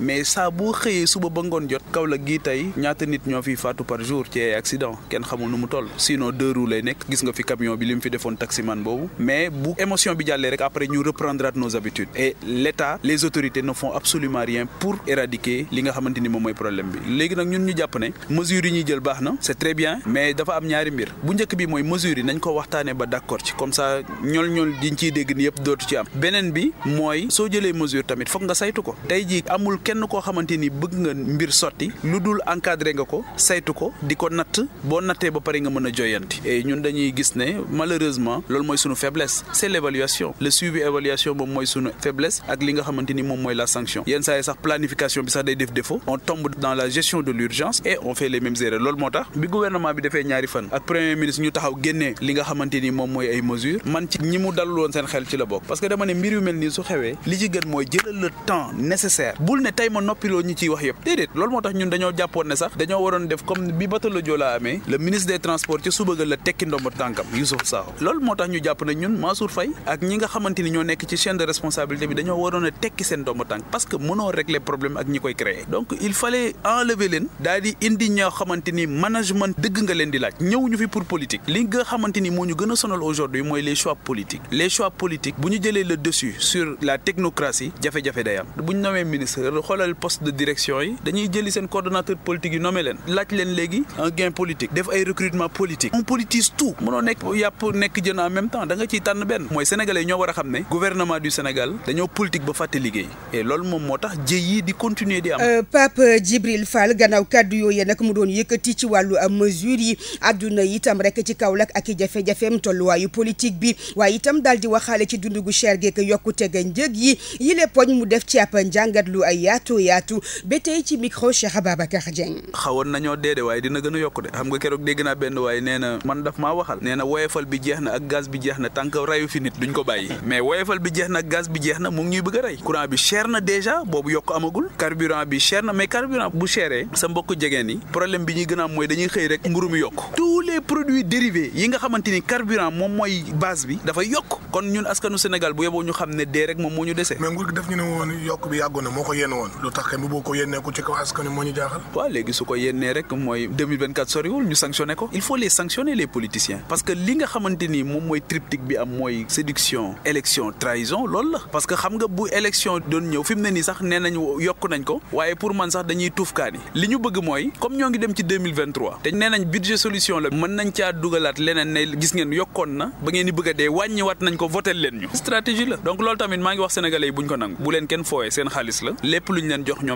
xëyee suba ba ngoon jot Kaolack gii tey ñaata nit ñoo fiy faatu par jour ci ay accident kenn xamul nu mu toll sinon deux lay nekk gis nga fi camion bi li mu fi defoon taximan boobu mais bu émotion bi jàllee rek après ñu reprendre nos habitudes et l'État les autorités ne font absolument rien pour éradiquer li nga xamante ni moom mooy problème bi léegi nag ñun ñu jàpp ne mesures yi ñuy jël baax na c'est très bien mais dafa am ñaari mbir bu njëkk bi mooy mesures yi nañ ko waxtaanee ba d'accord ci comme ça ñool ñool diñ ciy dégg ni yëpp dootu ci am beneen bi mooy soo jëlee mesure tamit fokk nga saytu ko fekkente bëgg nga mbir sotti lu dul encadré nga ko saytu ko di ko natt boo nattee ba pare nga mën a joyanti et ñun dañuy gis ne malheureusement loolu mooy sunu faiblesse c'est l'évaluation le suivi évaluation moom mooy sunu faiblesse ak li nga xamante ni moom mooy la sanction yenn saa yi sax planification bi sax day def défaut on tombe dans la gestion de l'urgence et on fait les mêmes erreurs loolu moo tax bi gouvernement bi defee ñaari fan ak premier ministre ñu ñi ciy wax yëpp déedéet loolu moo tax ñun dañoo jàppoon ne sax dañoo waroon def comme bi bateau Le Joola amee le ministre des transports ci suba ga la tekki ndomba tànkam Youssouf Sakho loolu moo tax ñu jàpp ne ñun Mansour Faye ak ñi nga xamante ni ñoo nekk ci chaîne de responsabilité bi dañoo waroon a tekki seen ndomba tànk parce que mënoo régler problème ak ñi koy créer donc il fallait enlever leen daal di indi ñoo xamante management dëgg nga leen di laaj ñëw ñu fi pour politique li nga xamante ni moo ñu gën a sonal aujourd'hui mooy les choix politiques les choix politiques bu ñu jëlee le dessus sur direction yi dañuy jëli seen coordonnateur politique yi nommé leen laaj leen léegi un gain politique def ay recrutement politique on politise tout mënoo nekk yàpp nekk jën en même temps da nga tànn benn mooy sénégalais ñoo war a xam ne gouvernement du Sénégal dañoo politique ba fàtte liggéey et loolu moom moo tax jëy yi di continuer di am. Euh, Pape Djibril Fall gannaaw kàddu yooyu nag mu doon yëkkati ci wàllu euh, mesure yi àdduna itam rek ci Kaolack ak i jafe-jafeem bi waaye itam daal di waxaale ci dundu gu cher geeg yokkute ga njëg yi yile mu def ci ab njàngat lu ay yaatu yaatu ba tey ci micro Cheikh Ababacar Dieng xawoon nañoo dee de waaye dina gën a yokk de xam nga keroog dégg naa benn waaye nee na man daf maa waxal nee na woyefal bi jeex na ak gaz bi jeex na tànk rayu fi nit duñ ko bàyyi mais woyefal bi jeex na ak gaz bi jeex na mu ngi ñuy bëgg a rey courant bi cher na mais carburant bu chéré sa mbokk jegeen yi problème bi ñuy gën a am mooy dañuy xëy rek mburu mi yokk tous les produits dérivés yi nga xamante ni carburant moom mooy base bi dafa yokk kon ñun askanu Sénégal bu ñu xam ne moom moo ñu dese mais nguur moo ko yenn woon lu boo ko yénnee ko ci kaw askan wi moo ñu jaaxal waaw léegi su ko yénnee rek mooy 2024 soriwul ñu sanctionné ko il faut les sanctionner les politiciens parce que li nga xamante ni moom mooy triptyque bi am mooy séduction élection trahison loolu la parce que xam nga bu élection doon ñëw fi ne nii sax nee yokk nañ ko waaye pour man sax dañuy tuufkaani li ñu bëgg mooy comme ñoo ngi dem ci dee wàññiwaat nañ ko votel leen ñu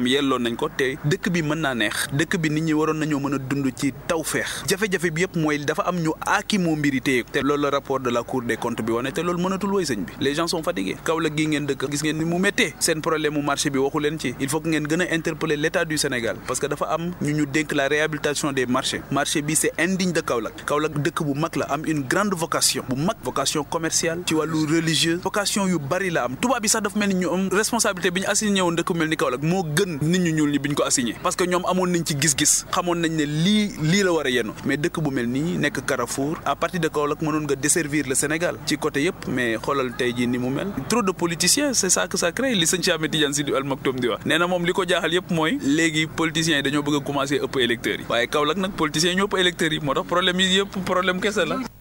yelloon nañ ko te dëkk bi mën naa neex dëkk bi nit ñi waroon nañoo mën dund ci tawfeex jafe-jafe bi yëpp mooy dafa am ñu aaki moo mbiri téye te loolu la rapport de la cour des comptes bi wane te loolu mënatul woy sëñ bi les gens sont fatigués Kaolack gi ngeen dëkk gis ngeen ni mu méttee seen problème mu marché waxu leen ci il faut que ngeen gën a interpeller l'état du Sénégal parce que dafa am ñu ñu dénk la réhabilitation des marchés bi c'est indigne de Kaolack Kaolack dëkk bu mag la am une grande vocation bu mag vocation commerciale ci wàllu religieuse vocation yu bari la am tubaab bi sax dafa mel ni ñu am responsabilité ni Kaolack moo gën nit ñu ñuul ñi biñ ko assigné parce que ñoom amoon nañ ci gis-gis xamoon nañ ne lii lii la war a yenu mais dëkk bu mel nii nekk Carrefour à partir de Kaolack mënoon nga desservir Sénégal ci côté yëpp mais xoolal tey ji ni mu mel trop de politiciens c'est ça que ça crée li sëñ Cheikh Tidiane Sy Al Maktoum di wax nee moom li ko jaaxal yëpp mooy léegi politiciens yi dañoo bëgg a commencer ëpp électeurs yi waaye Kaolack nag politiciens yi ñoo ëpp électeurs yi moo tax problème yi yëpp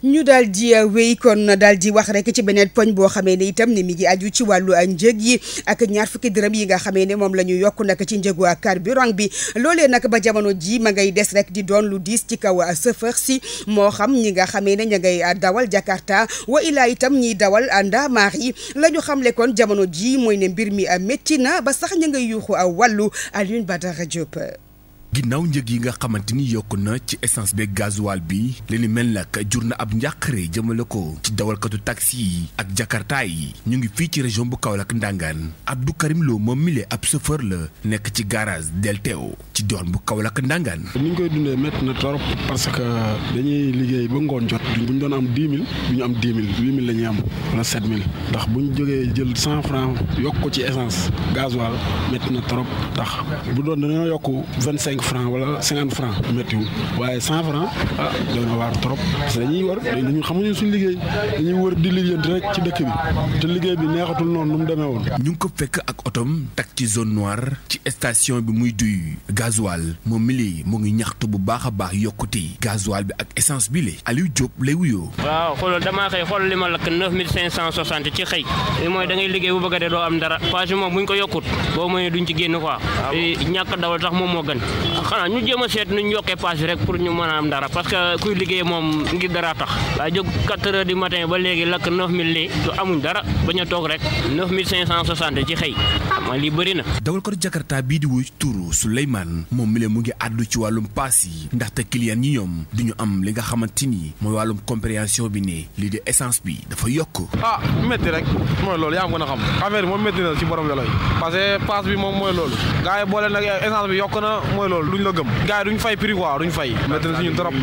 ñu daal di euh, wéy kon daal di wax rek ci beneen poñ boo xamee ne itam ni mi ngi aju ci wàllu euh, njëg yi ak ñaar fukki dërëm yi nga xamee ne moom la ñu yokk nag ci njëgu euh, carburant bi loolee nag ba jamono ji ma ngay des rek di doon lu diis ci kaw a sëfër si moo xam ñi nga xamee ne ña ngay dawal Jakarta wa ilaa itam ñiy dawal ndaamaar yi la ñu xamle kon jamono ji mooy ne mbir mi métti na ba sax ña ngay yuuxu wàllu Alioune Badara Diop ginnaaw njëg yi nga xamante ni yokk na ci essence beeg gasoil bi li ni mel nag jur na ab njàqare jëmale ko ci dawalkatu taxi yi ak jakarta yi ñu ngi fii ci région bu Kaolack ndàngaan Abdou Karim Lo moom mi ab chauffeur la nekk ci garage del teew ci doon bu Kaolack Ndangaan. ni ñu koy dundee métti na trop parce que dañuy liggéey ba ngoon jot bu ñu doon am dix mille bu ñu am dix mille huit mille la ñuy am wala sept mille ndax bu ñu jógee jël cent franc yokk ko ci essence gasoil métti na trop ndax cinq franc wala cinquante franc méttiwul waaye cent franc ah doy na waar trop parce que dañuy war dañu liggéey dañuy wër di liggéeyante rek ci dëkk bi te liggéey bi neexatul noonu nu mu demee woon. ñu ngi ko fekk ak otom tak ci zone noire ci station bi muy duy gasoil moom mi mu ngi ñaxtu bu baax a baax yokkute gasoil bi ak essence bi la Aliou Diop lay wuyoo. waaw xoolal damaa xëy xool li ma lakk neuf mille cinq cent soixante ci xëy mooy da ngay liggéey bu bëgg a doo am dara. parce que moom bu ko yokkut boo mooy duñ ci génn quoi. Ah eh, ñàkk dawal sax moom moo gën. xanaa ñu jéem a seet ñu yokkee paas bi rek pour ñu mën a am dara parce que kuy liggéey moom ngir dara tax waaye jóg 4 heures du matin ba léegi lakk 9000 lii du amuñ dara bañ a toog lii di mi leen mu ngi àddu ci wàllum am li nga xamante ni wàllum compréhension bi ne lii di essence bi dafa yokk. ah métti rek mooy loolu yaa am gën a xam affaire bi moom métti na ci borom vélo yi paas bi moom mooy loolu gars yi boole nag bi yokk na mooy loolu loolu duñ la gëm gars yi duñ fay prix quoi duñ fay métti na suñu trop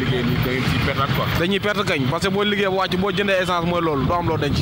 dañuy perte kañ parce boo liggéey boo wàcc boo jëndee essence mooy loolu doo am loo denc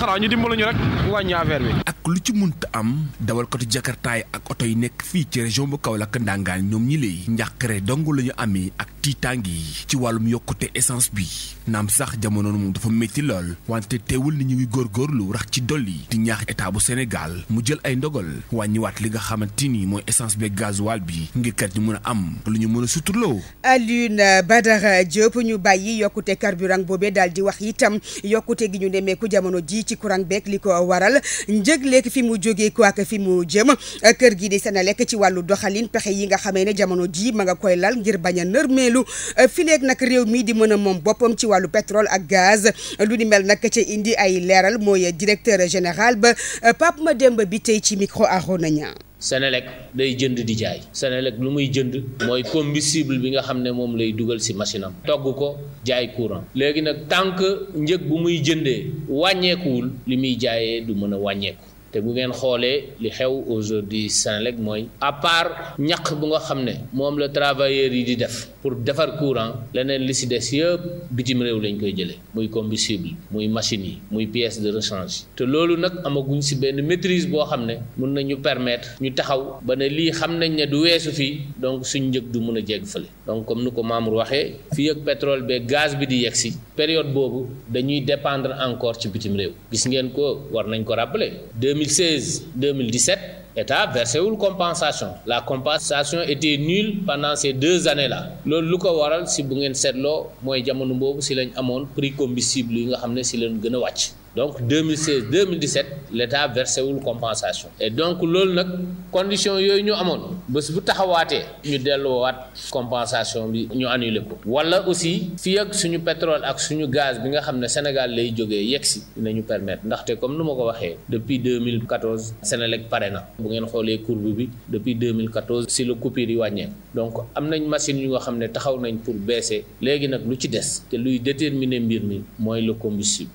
xanaa ñu dimbaluñu rek wàññi affaire bi ak lu ci munta am dawalkatu jakartaay ak oto yi nekk fii ci région bu Kaolack ndangaan ñoom ñi léey njàqare dong la ñu amee ak tiitàng yi ci wàllum yokkute essence bi naam sax jamono moom dafa métti lool wante teewul ni ñu ngi góorgóorlu rax ci dolli di ñaax état bu Sénégal mu jël ay ndogal wàññiwaat li nga xamante ni mooy essence beeg gasoil bi ngir kat ñu mën a am lu ñu mën a suturloo. Alioune Badara Diop ñu bàyyi yokkute carburant boobee daal di wax itam yokkute gi ñu nemmeeku jamono ji ci courant beeg li ko waral njëg léegi fi mu jógee ko ak fi mu jëm kër gi di Senelec ci wàllu doxalin pexe yi nga xamee ne jamono ji nga koy lal ngir a nërmeelu euh, fileeg nag réew mii di mën a moom boppam ci wàllu pétrole ak gaz lu ni mel nag ca indi ay leeral mooy directeur général ba ma euh, Mademba bi tey ci micro Arona Niang Senelec day jënd di jaay senelek lu muy jënd mooy combustible bi nga xam ne moom lay dugal ci machine am togg ko jaay courant léegi nag tant que njëg bu muy jëndee wàññeekuwul li muy jaayee du mën a wàññeeku te bu ngeen xoolee li xew aujourd'hui Senelec mooy à part ñaq bu nga xam ne moom la travailleurs yi di def pour defar courant leneen li si des yëpp bitim réew lañ koy jëlee muy combustible muy machine yi muy pièces de rechange te loolu nag amaguñ si benn maîtrise boo xam ne mun nañu permettre ñu taxaw ba ne lii xam nañ ne du weesu fii donc suñ njëg du mun a jégg fële donc comme nu ko membre waxee fii ak pétrole beeg gaz bi di yegg si période boobu dañuy dépendre encore ci bitim gis ngeen ko war nañ ko rappeler 2016 2017 état versé wul compensation la compensation était nulle pendant ces deux années là loolu lu ko waral si bu ngeen seetloo mooy jamono boobu si lañ amoon prix combustible yi nga xam ne si leen gën a wàcc. donc 2016 2017 l'État versé wul compensation et donc loolu nag condition yooyu ñu amoon bés bu taxawaatee ñu delluwaat compensation bi ñu annulé ko wala aussi fii ak suñu pétrole ak suñu gaz bi nga xam ne Sénégal lay jógee yegg si dinañu permettre ndaxte comme nu ma ko waxee depuis 2014 Sénélec pare na bu ngeen xoolee courbe bi depuis 2014 si la coupure yi wàññee donc am nañ machine yu nga xam ne taxaw nañ pour beese léegi nag lu ci des te luy déterminer mbir mi mooy le combustible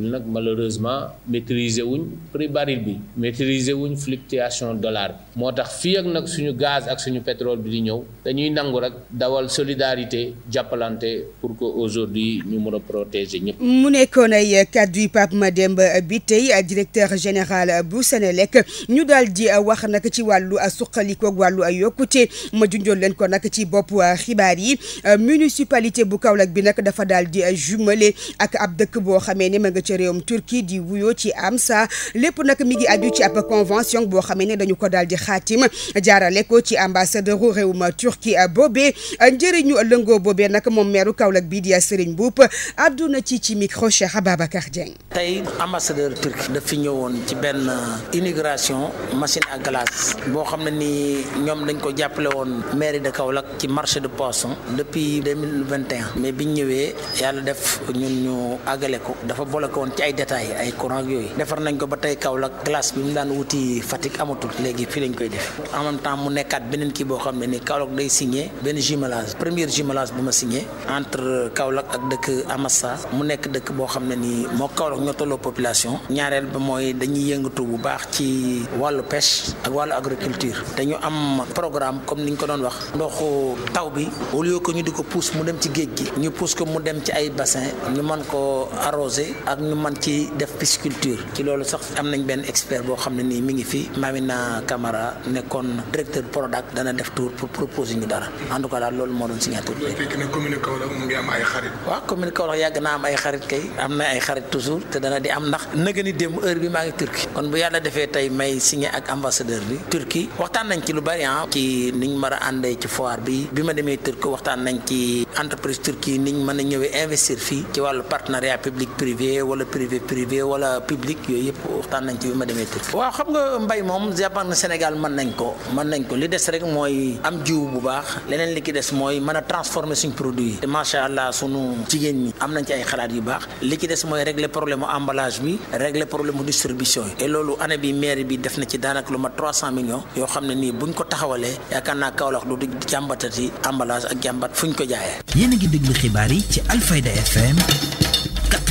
le bi nag malheureusement maîtriser wuñ prix baril bi maîtriser wuñ fluctuation dollar bi moo tax fii ak suñu gaz ak suñu pétrole bi di ñëw dañuy nangu rek dawal solidarité jàppalante pour que aujourd'hui ñu mën a protéger ñëpp. mu nekkoon ay kàddu yu Pape Mademba Bitèye directeur général bu Sénélec ñu daal di wax nag ci wàllu suqalikoog wàllu ay yokkute ma junjoon leen ko nag ci bopp xibaar yi municipalité bu Kaolack bi nag dafa daal di jumelé ak ab dëkk boo xamee ne ma nga ci ca réewum Turquie di wuyoo ci AMSA lépp nag mi ngi aju ci ab convention boo xamee ne dañu ko daal di xaatim jaarale ko ci ambassadeur u réewum Turquie boobee njëriñu lëngoo boobee nag moom meeru Kaolack bii di Serigne Mboup àdduna ci ci micro Cheikh Ababacar Dieng. tey ambassadeur Turquie daf fi ñëwoon ci benn inauguration machine à glace boo xam ne ni ñoom dañ ko jàppale woon mairie de Kaolack ci marché de poisson depuis 2021 mais biñ ñëwee yàlla def ñun ñu àggale ko nekkoon ci ay détails ay courant yooyu defar nañ ko ba tey Kaolack glace bi mu daan wuti Fatick amatul léegi fii lañ koy def en mu nekkaat beneen kii boo xam ne ni Kaolack day signé benn jumelage premier jumelage bu ma signé entre Kaolack ak dëkk Amassa mu nekk dëkk boo xam ne nii moo Kaolack ñoo tolloo population ñaareel ba mooy dañuy yëngatu bu baax ci wàllu peche ak wàllu agriculture dañu am programme comme ni niñ ko doon wax ndoxu taw bi au lieu que ñu di ko pousse mu dem ci géej gi ñu mu dem ci ay bassin ñu ñu man ci def pisciculture ci loolu sax am nañ benn expert boo xam ne nii mi ngi fi Mamina kamara nekkoon directeur Prodac dana def tour pour proposer ñu dara en tout cas daal loolu moo doon signature bi. fekk commune Kaolack mu ngi am ay xarit. waaw na ay xarit toujours te dana di am ndax nëgë ni démb heure bi maa ngi Turquie kon bu yàlla defee tey may signé ak ambassadeur bi Turquie waxtaan nañ ci lu bari ah ci niñ mën àndee ci foire bi bi ma demee Turquie waxtaan nañ ci entreprise Turquie niñ mën a ñëwee investir fii ci wàllu partenariat wala privé privé wala public yooyu yëpp waxtaan nañ ci bi ma demee Turquie waaw xam nga mbay moom jàppan na Sénégal mën nañ ko mën nañ ko li des rek mooy am jiw bu baax leneen li ki des mooy man a transformer suñ produit yi macha allah sunu jigéen ñi am nañ ci ay xalaat yu baax li ci des mooy régler problème emballage bi régler problème mu distribution yi et loolu année bi mairie bi def na ci daanaka lu mat 300 millions yoo xam ne nii buñ ko taxawalee yaakaar naa Kaolack du jàmbatati emballage ak jàmbat fuñ ko jaayee. yéen a ngi déglu xibaar yi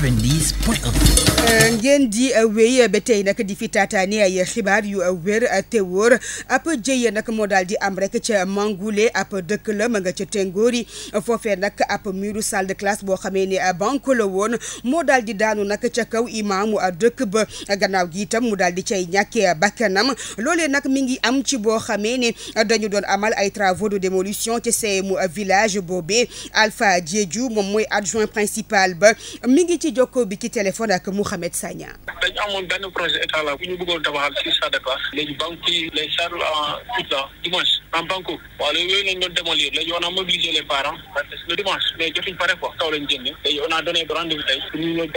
90 point ngeen di uh, wéy uh, ba tey nag di fi taataani ay xibaar yu uh, wér te wóor ab nag moo daal di am rek ca Mangoulé ab dëkk la ma nga ca Tengori foofee nag ab muru salle de classe boo xamee ne banque la woon moo daal di daanu nag ca kaw imaamu dëkk ba gannaaw gi itam mu daal di cay ñàkkee bakkanam loole nag mi ngi am ci boo xamee ne dañu doon amal ay travaux de démolition ci seen village boobee Alpha Diédiou moom mooy adjoint principal ba mi ngi ci. ci jokkoo bi ci téléphone ak Mouhamed Sagna. dañu amoon benn projet état la bu ñu bëggoon tabaxal si Sadaga. léegi banques yi les en tout ça dimanche en banque waaw yooyu lañ doon démolir léegi on a mobilisé les parents le dimanche mais jotuñ pare quoi taw lañ génne léegi on a donné rendez-vous tey pour ñu ñu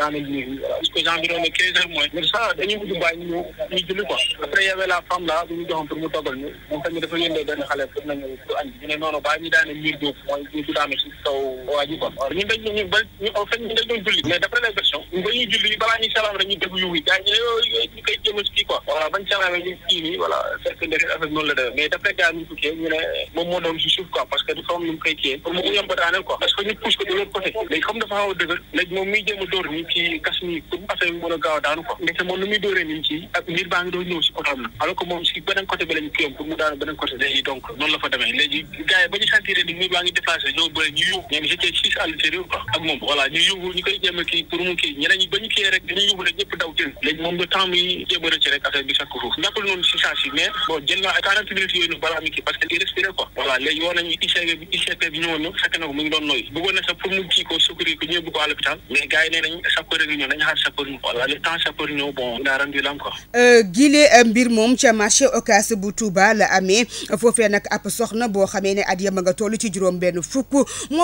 julli quoi après y la femme là bu ñu joxoon pour mu toggal ñu moom tamit dafa yónnee benn xale pour nañu ñu ne noonu bàyyi ñu daane miir boobu mooy ñu l'infection dañuy julli balaa ñuy salaam rek ñu def yu wi daañu ne yooyu ñu koy jëmas kii quoi voilà bañ salaamee ñu kii nii voilà fekk ndeke affaire noonu la demee mais dafa gaa ñu tukkee ñu ne moom moo doon si suuf quoi parce que dafa am nu mu koy kiyee pour mu yem ba daaneel quoi parce que ñu pousse ko de l'autre côté léegi comme dafa xaw a dëgër léegi moom muy jéem a dóor nii ci kas nii pour affaire bi mën a gaaw a daanu quoi ndeke moom nu muy dóoree nii ci ak nit baa ngi doon ñëw si otoom na alors que moom si beneen côté bi lañ kiyam pour mu daanu beneen côté léegi donc noonu la fa demee léegi gars yi ba ñu sentir ni nit baa ngi déplacé ñoo bëri ñu yuux ñeen j'étais six à l'intérieur quoi ak moom voilà ñu yuuxu ñu koy jéem a kii pour mu kii ñeneen ñi ba ñu kii rek dañuy yóbbu rek ñëpp daw jël léegi moom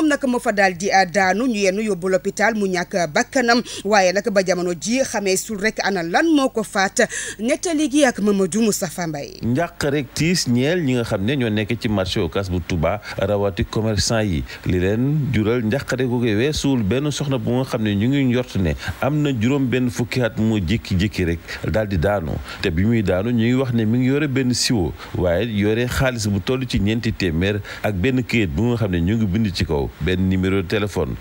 nga a moo fa daal di euh, daanu ñu yenn yóbbu l'hôpital mu ñàkk bakk bakkanam waaye nag ba jamono ji xamee sul rek ana lan moo ko faat nettali gi ak Mamadou Moustapha Mbaye njàq rek tiis ñeel ñi nga xam ne ñoo nekk ci marché kaas bu Touba rawati commerçant yi li leen jural njàqare googu weesuul benn soxna bu nga xam ne ñu ngi njort ne am na juróom benn fukki at mu jékki-jékki rek daal di daanu te bi muy daanu ñu ngi wax ne mi ngi yore benn siwo waaye yore xaalis bu toll ci ñeenti téeméer ak benn këyit bu nga xam ne ñu ngi bind ci kaw benn numéro téléphone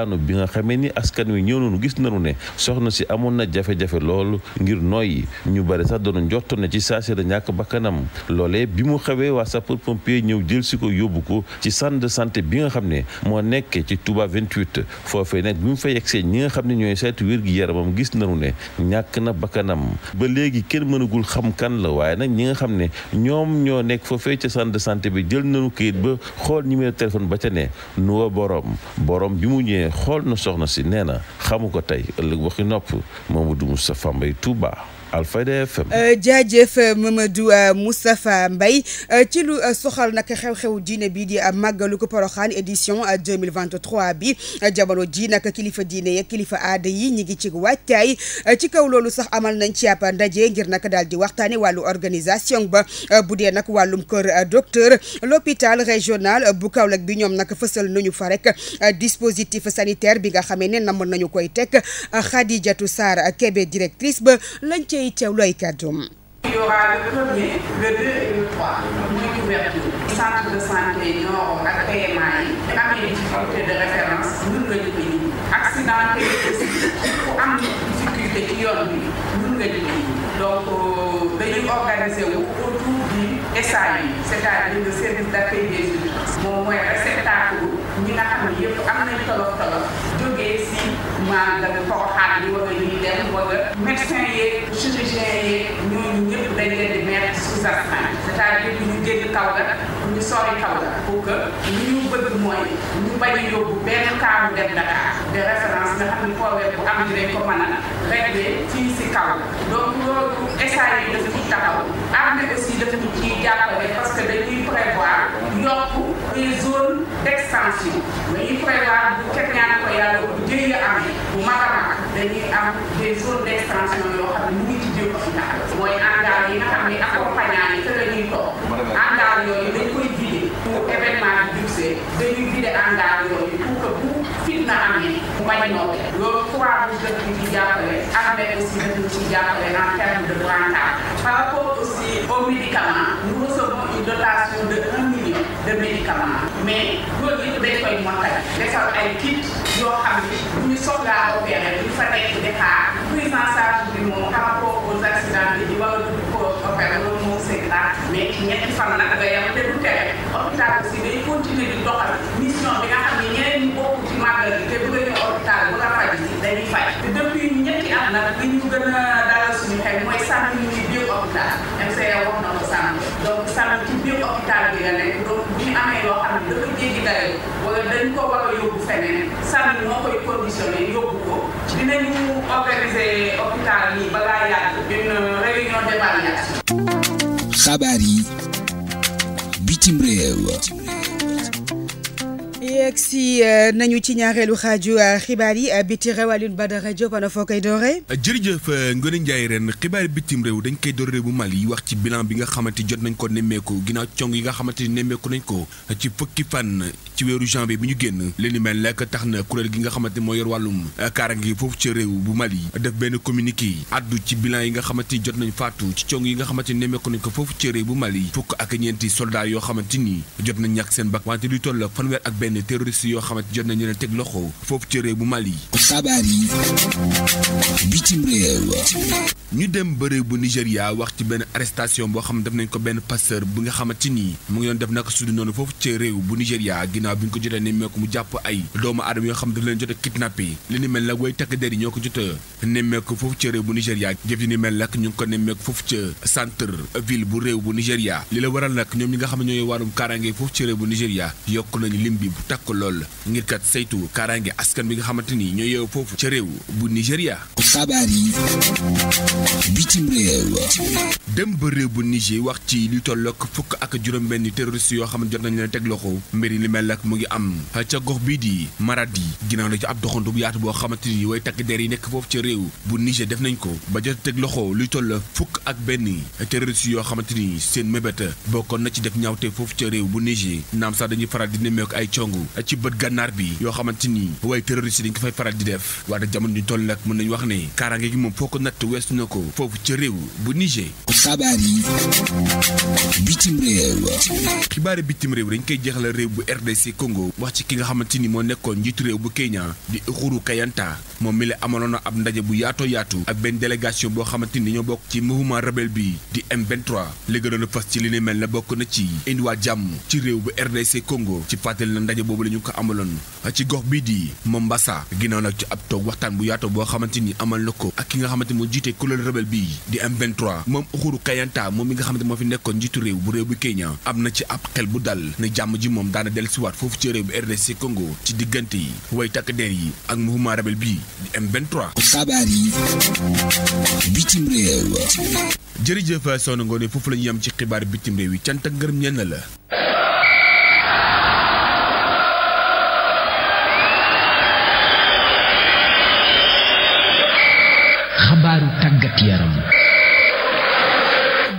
daanu bi nga xamee ni askan wi ñëw nañu gis nañu ne soxna si amoon na jafe-jafe loolu ngir noyyi ñu bari sax doon njott ne ci saasi la ñàkk bakkanam loole bi mu xewee waa sapeur pompier ñëw jël si ko yóbbu ko ci centre de santé bi nga xam ne moo nekkee ci Touba 28 foofee nag bi mu fa yegsee ñi nga xam ne ñooy saytu wér gi yaramam gis nañu ne ñàkk na bakkanam ba léegi kenn mënagul xam kan la waaye nag ñi nga xam ne ñoom ñoo nekk foofee ca sante de santé bi jël nañu kayit ba xool numéro téléphone ba ca ne ñëwee xool na soxna si nee na xamu ko tey ëllëg waxi nopp Mamadou Moustapha Mbaye Touba Alfayda euh, euh, euh, FM. ci lu soxal nag xew-xew diine bii di màggalu ko Poroxaan édition 2023 bi jamono ji nag kilifa diine ya kilifa aada yi ñu ngi ci waajtaay ci kaw loolu sax amal nañ ci ab ndaje ngir nag daal di waxtaane wàllu organisation ba bu dee nag wàllum kër docteur l'hôpital régional bu Kaolack bi ñoom nag fësal nañu fa dispositif sanitaire bi nga xamee ne namoon nañu koy teg Khadijatou Sarr Kébé directrice ba lañ cay teew looy kàddoom. il y aura le premier centre de santé de ci yoon bi mën nga ñu donc euh, dañuy organiser wu autour du SAU c'est-à-dire le service d'accueil des urgences moom mooy réceptacle yi nga xam ne yëpp am nañ tolof tolof jógee si maanaam poroxaan bi wala ñuy dem wala médecin yeeg chirurgien yeeg ñooñu ñëpp dañ leen di mettre sous traitement c'est-à-dire ñu génn kaw la ñu sori kaw la pour que li ñu bëgg mooy ñu bañ a yóbbu benn cas bu dem Dakar de référence nga xam ne foowee bu am ñu dañ ko mën a réglé fii si kaw donc loolu essayé dafa ci taxaw armée aussi dafa ñu ciy jàppale parce que dañuy prévoir yokk les d'extension dañuy prévoir bu teg ñaan ko yàlla bu jëyee amee bu mag a mag dañuy am des zones d'extension yoo xam ne mu ngi ci jëm ci ndax mooy angaar yi nga xam ne accompagnant yi te dañuy toog angaar yooyu dañ koy vider pour événement bi jubsee dañuy vider angaar yooyu pour que bu fitna amee mu bañ noppee loolu trois bu dëkk bi ci jàppale amee aussi dëkk bi ci jàppale en terme de brancard par rapport aussi aux médicaments nous recevons une dotation de 1 million de médicaments mais loolu yëpp dañ koy mokkal defar ay kit yoo xam ni bu ñu soxlaa opéré bu ñu fa nekk di xaar prise en charge bi moom par rapport aux accidents bi ñu war a dugg ko opéré sëy naa mais ci ñetti fan nag nga yem te du tere hôpital aussi day continuer di doxal mission bi nga xam ne ñeneen ñu bokk ci màggal bi te bëgg a ñëw hôpital bu la faj si dañuy faj te depuis ñetti at nag li ñu gën a dalal suñu xel mooy sànni ñu ci biir hôpital MCA wax na ko sànni donc sànni ci biir hôpital bi nga nekk donc bu ñu amee loo xam ne dafa jéggi dayoo wala dañ ko war a yóbbu feneen sànni moo koy conditionné yóbbu ko dinañu organiser hôpital yi balaa yàgg une xabaar yi bitim réew yegg si euh, nañu ci ñaareelu xaaju euh, xibaar yi euh, biti réew Alioune Badara Diop ana foo koy dooree. jërëjëf Ngoné Ndiaye ren xibaar bitim réew dañ koy dooree bu yi wax ci bilan bi nga xamante jot nañ ko nemmeeku ginnaaw cong yi nga xamante nemmeeku nañ ko ci fukki fan. ci weeru janvier bi ñu génn li ni mel lekk tax na kuréel gi nga xamante ni moo yor wàllum euh, kaaraange gi foofu ci réew bu Mali def benn communiqué yi ci bilan yi nga xamante ni jot nañ faatu ci cong yi nga xamante ni nemmeeku nañ ko foofu ci réew bu Mali fukk ak ñeenti soldats yoo xamante ni jot nañ ñàkk seen bakk wante luy toll fanweer ak benn terroriste yoo xamante jot nañ leen teg loxo foofu ci réew bu Mali yi bitim réew ñu dem bëre bu Nigéria boo xam ne def ko benn pasteur bi nga ni mu ngi doon def naka sudu noonu réew bu Nigéria ginnaaw bi ko jotee nemmeeku mu jàpp ay doomu aadama yoo xam ne daf leen jot a kidnappé yi li ni mel nag way takk der yi ñoo ko jot a nemmeeku foofu ca réew bu Nigéria jëf yi ni mel ñu ngi ko nemmeeku foofu ca centre ville bu réew bu Nigéria li la waral nag ñoom ñi nga xam ne ñooy wàllum kaaraange foofu ca réew bu Nigéria yokk nañu lim bi bu takk lool ngir kat saytu kaaraange askan bi nga xamante ni ñoo yeew foofu ca réew bu Nigéria xabaar yi bitim réew dem ba réew wax ci li tollook fukk ak juróom-benn terroriste yoo xam ne jot nañu leen teg mu ngi am ca gox bii di Maradi ginnaaw na ci ab doxantu bu yaatu boo xamante ni way takk der yi nekk foofu ca réew bu Niger def nañ ko ba jot teg loxo luy toll fukk ak benn terroriste yoo xamante ni seen mébét bokkoon na ci def ñaawte foofu ca réew bu Niger naam sax dañuy faral di nemmeeku ay cong ci bët gànnaar bi yoo xamante ni way terroriste dañ ko fay faral di def waaye jamono ñu toll nag mën nañu wax ne kaaraange gi moom foo ko natt weesu na ko foofu ca réew bu Niger. xabaar yi bitim réew. xibaari bitim réew dañ koy jeexal réew bu RDC. RDC Congo wax ci ki nga xamante ni moo nekkoon njiitu réew bu Kenya di Uhuru Kenyatta moom mi la amaloon ab ndaje bu yaatoo yaatu ak benn délégation boo xamante ni ñoo bokk ci mouvement rebelle bi di M23 a fas li ni mel na bokk na ci indiwaa jàmm ci réew bu RDC Congo ci fàttali na boobu la ñu ko amaloon ci gox bii di Mombasa ginnaaw nag ci ab bu yaatoo boo xamante ni amal na ko ki nga xamante moo jiite kuréel rebelle bi M23 moom Uhuru Kenyatta moom mi moo fi nekkoon njiitu réew bu réew bu Kenya am na ci ab xel bu dal ne jàmm ji moom daana dellusiwaat delluwaat foofu ci réew RDC Congo ci diggante yi way takk der yi ak mouvement rebelle bii di M23. xabaar yi bitim réew. ci xibaar bitim yi cant ak ngërëm la.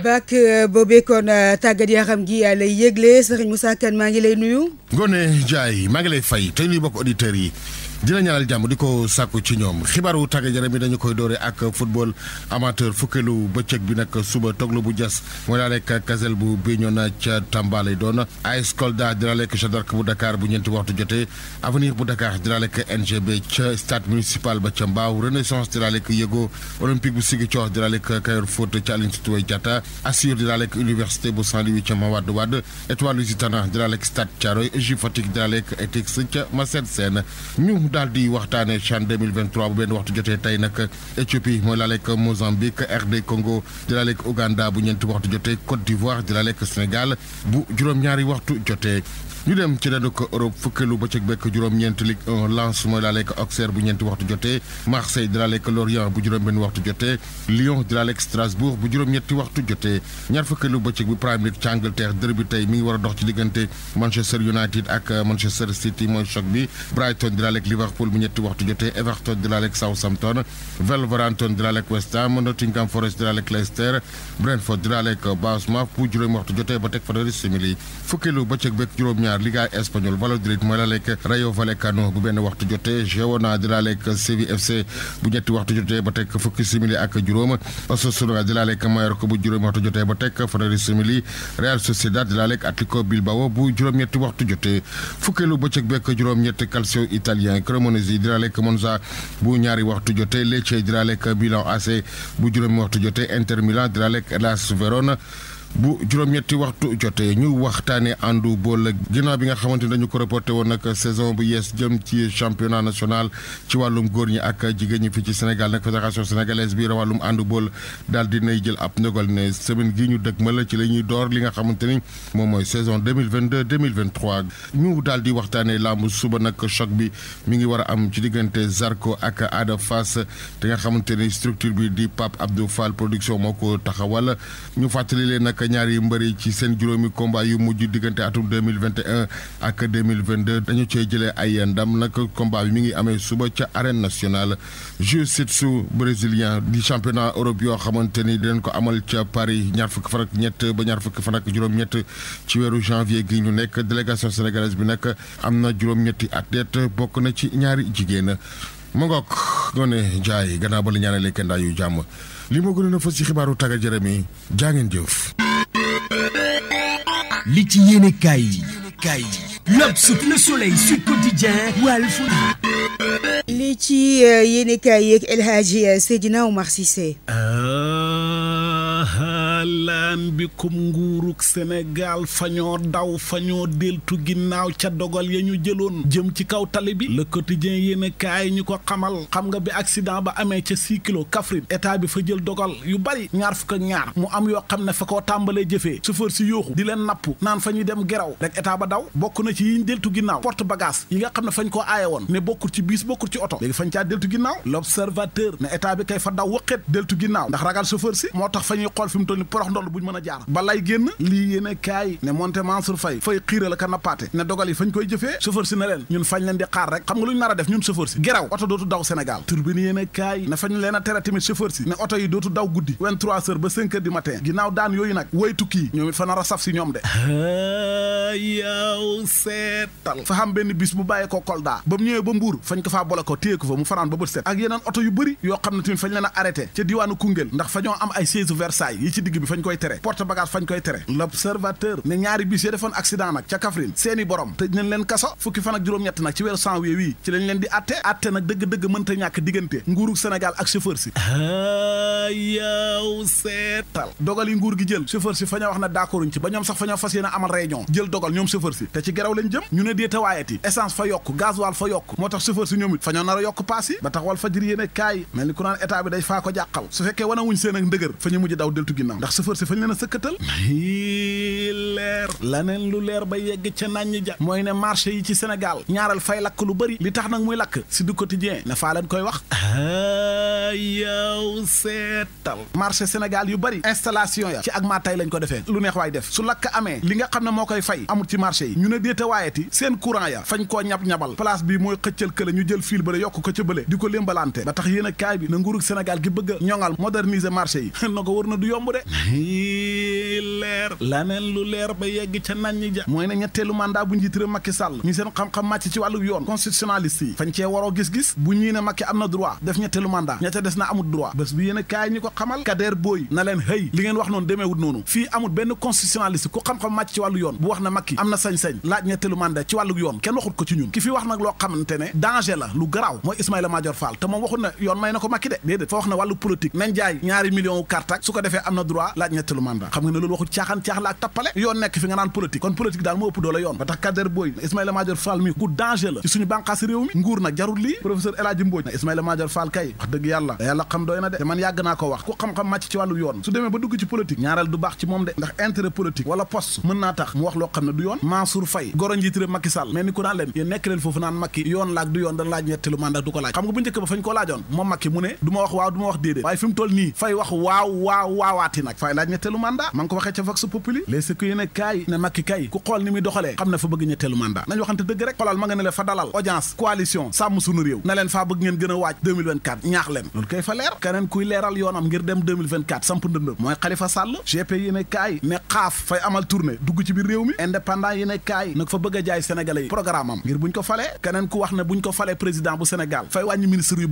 baak euh, boobee kon euh, tàggat yaram gi euh, lay yëgle Serigne Moussa Kane maa ngi lay nuyu. Ngone Ndiaye maa ngi lay fay te ñuy bokk auditeurs yi. di la ñaanal jàmm di ko sàkku ci ñoom xibaar xibaaru tàggat yaram bi dañu koy doore ak football amateur fukkeelu bëccëg bi nag suba toglu bu jas mooy laa lekk Kazel bu Bignona ca Tamba lay doon AS Kolda dina lekk Jeanne d'Arc bu Dakar bu ñeenti waxtu jotee avenir bu Dakar dina lekk NGB ca stade municipal ba ca Mbaaw Renaissance dina lekk Yego Olympique bu Ziguinchor dina lekk Kayor Fouta ca Aline Sitoé Diatta Assur dina lekk Université bu Saint-Louis ca Mawade Wade Étoile Lusitana dina lekk Stade Thiaroye EJ Fatick dina lekk ETEX ca Massène Sène daal di waxtaanee CHAN 2023 bu benn waxtu jotee tey nag Éthiopie mooy laaleeg Mozambique RD Congo di laaleeg Ouganda bu ñeenti waxtu jotee Côte d'Ivoire di laaleeg Sénégal bu juróom-ñaari waxtu jotee. ñu dem ci rajo Europe fukkeelu bëccëg bekk juróom-ñeent Ligue 1 Lens mooy laa lekk Auxerre bu ñeenti waxtu jotee Marseille di laa lekk Lorient bu juróom-benn waxtu jotee Lyon di laa lekk Strasbourg bu juróom-ñetti waxtu jotee ñaar fukkeelu bëccëg bi Premier ci Angleterre derby tey mi ngi war a dox ci diggante Manchester United ak Manchester City mooy choc bi Brighton di laa lekk Liverpool bu ñetti waxtu jotee Everton di laa lekk Southampton Wolverhampton ba ñaar Liga Espagnol Valladolid mooy laleeg Rayo Vallecano bu benn waxtu jotee Girona di laleeg Sevilla FC bu ñetti waxtu jotee ba teg fukki simili ak juróom Osasuna di laleeg Mallorca bu juróomi waxtu jotee ba teg fanweeri simili Real Sociedad di laleeg Atlético Bilbao bu juróom-ñetti waxtu jotee fukkeelu bëccëg bekk juróom-ñetti Calcio italien Cremonese di laleeg Monza bu ñaari waxtu jotee Lecce di laleeg Milan AC bu juróomi waxtu jotee Inter Milan di laleeg Hellas Verona bu juróom-ñetti waxtu jotee ñu waxtaanee àndu bool ginnaaw bi nga xamante ni dañu ko reporté woon nag saison bu yees jëm ci championnat national ci wàllum góor ñi ak jigéen ñi fii ci Sénégal nag fédération sénégalaise bi wàllum àndu bool daal di nay jël ab ndogal ne semaine gi ñu dëgmal ci la ñuy door li nga xamante ni moom mooy saison 2022 2023 ñu daal di waxtaanee làmb suba nag choc bi mi ngi war a am ci diggante Zarko ak Ada fas te nga xamante ni structure bi di Pape Abdou Fall production moo ko taxawal ñu daanaka ñaari mbër yi ci seen juróomi combat yu mujj diggante atum 2021 ak 2022 dañu cee jëlee ay ndam nag combat bi mi ngi amee suba ca arène nationale jiu-jitsu brésilien di championnat Europe yoo xamante ni dinañ ko amal ca Paris ñaar fukki fan ñett ba ñaar fukki fan ak juróom-ñett ci weeru janvier gi ñu nekk délégation sénégalaise bi nag am na juróom-ñetti athlète bokk na ci ñaari jigéen mu ngoog Ngoné Ndiaye gannaaw ba la ñaanalee kenn daa yu jàmm li ma gënoon a xibaaru tàggat yaram yi jaa ngeen li ci yéene kaay yi kaay yi L'Obs, Le Soleil, li ci euh, yéene kaay yeeg El Hadji euh, Seydina Oumar Cissé ah. alaan bikum nguurug Sénégal fa ñoo daw fa ñoo deltu ginnaaw ca dogal ya ñu jëloon jëm ci kaw tali bi le quotidien yéen kaay ñu ko xamal xam nga bi accident ba amee ca six kilo Kaffrine état bi fa jël dogal yu bari ñaar fukk ak ñaar mu am yoo xam ne fa koo tàmbalee jëfee chauffeur si yooxu di leen napp naan fa ñuy dem geraw rek état ba daw bokk na ci yi ñu deltu ginnaaw porte bagage yi nga xam ne fañ koo aaye woon ne bokkul ci biis bokkul ci oto léegi fañ caa deltu ginnaaw l'observateur ne état bi kay fa daw wëqeet deltu ginnaaw ndax ragal chauffeur si moo tax fa ñuy mu toll porox ndoll buñ mën a jaar balay génn lii yéene kaay ne monte Mansour Faye fay xiiral aka nappaate ne dogal yi fañ koy jëfee chauffeur si ne leen ñun fañ leen di xaar rek xam nga lu ñu nar a def ñun chauffeur si geraw oto dootu daw Sénégal turbine yéene kaay ne fañ leen a tere tamit chauffeur si ne oto yi dootu daw guddi 23 heures ba 5 heures du ginnaaw daan yooyu nag woy tukki ñoom it fa nar a saf si ñoom de yow seetal fa xam benn bis mu yoo xam ne tamit fañ leen a arrêté ca diwaanu Koungheul bi fañ koy tere porte bagage fañ koy tere l'observateur ne ñaari bis ya defoon accident nag ca Kaffrine seeni borom tëj nañ leen kaso fukki fan ak juróom-ñett nag ci weeru janvier wii ci lañ leen di atte atte nag dëgg-dëgg mënta ñàkk diggante nguurug Sénégal ak chauffeur si yow seetal dogal yi nguur gi jël chauffeur si fa ñoo wax na d'accorduñ ci ba ñoom sax fa fas yéene amal réunion jël dogal ñoom chauffeur si te ci geraw lañ jëm ñu ne dee tawaayati essence fa yokk a yokk paas yi tax wal fajir yéene kaay mel ni ku naan état bi ndax chauffeur si fañ leen a sëkkatal leer laneen lu leer ba yegg ca naan ñi ja mooy ne marché yi ci Sénégal ñaaral fay lakk lu bëri li tax nag muy lakk si du quotidien na faa leen koy wax yow seetal marché Sénégal yu bëri installation ya ci ak maa tay lañ ko defee lu neex waay def su lakk amee li nga xam ne moo koy fay amul ci marché yi ñu ne déete waayeti seen courant ya fañ koo ñab-ñabal place bi mooy xëccal kële ñu jël fil bële yokk ko ca bële di ko lémbalante ba tax yéen a kaay bi na nguurug Sénégal gi bëgg a ñoŋal moderniser marché yi na ko war na du yomb de leer laneen lu leer ba yegg ca nañ ja mooy ne ñetteelu mandat bu njiitëram Macky Sall ñi seen xam-xam màcc ci wàllu yoon constitutionnaliste yi fañ cee waroo gis-gis bu ñii ne Macky am na droit def ñetteelu mandat ñette des na amul droit bés bi yéen a kaay ñi ko xamal kadeer booy na leen hëy li ngeen wax noonu demeewut noonu fii amul benn constitutionnaliste ku xam-xam màcc ci wàllu yoon bu wax na Macky am na sañ-sañ laaj ñetteelu mandat ci wàllu yoon kenn waxut ko ci ñun ki fi wax nag loo xamante ne danger la lu garaaw mooy Ismaïla Madior Fall te moom waxut ko Macky de déedéet fa wax na wàllu politique su ko defee am na droit laaj ñetteelu mandat xam nga ne loolu waxu caaxaan caaxaan la ak tappale yoon nekk fi nga naan politique kon politique daal moo ëpp doole yoon ba tax Kader Boy Ismaïla Madior Fall mi ku danger la ci suñu bànqaasi réew mi nguur nag jarul lii professeur El Hadji Mbodj ne Ismaïla Madior Fall kay wax dëgg yàlla xam doy na de te man yàgg naa ko wax ku xam-xam màcc ci wàllu yoon su demee ba dugg ci politique ñaareel du baax ci moom de ndax intérêt politique nag fay laaj ñetteelu mandat ma ko waxee ca vox populi les si ku yéen kaay ne Macky kay ku xool ni muy doxalee xam ne fa bëgg ñetteelu mandat nañ waxante dëgg rek xoolal ma nga ne la fa dalal audience coalition sàmm sunu réew na leen faa bëgg ngeen gën a waaj 2024 ñaax leen loolu kay fa leer keneen kuy leeral yoonam ngir dem samp ndëndëm mooy Khalifa Sall GP yéen kaay ne xaaf fay amal tournée dugg ci biir réew mi indépendant yéen kaay nag fa bëgg a jaay sénégalais yi programme ne buñ ko falee président bu Sénégal fay wàññi ministre yu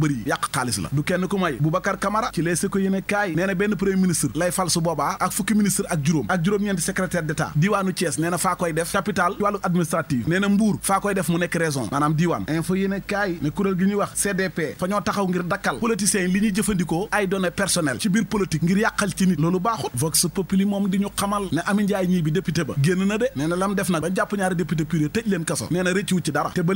su boobaa ak fukki ministre ak juróom ak juróom-ñeenti secrétaire d'état diiwaanu Thiès nee faa koy def capital ci wàllu administrative nee na faa koy def mu nekk raison maanaam diiwaan info yi ne kaay ne kuréel gi ñuy wax CDP fa ñoo taxaw ngir dakkal politiciens li ñuy jëfandikoo ay données personnelles ci biir politique ngir yàqal ci nit loolu baaxut Vox Populi moom di ñu xamal ne Amy Ndiaye ñii bi député ba génn na de nee na lam def nag na ba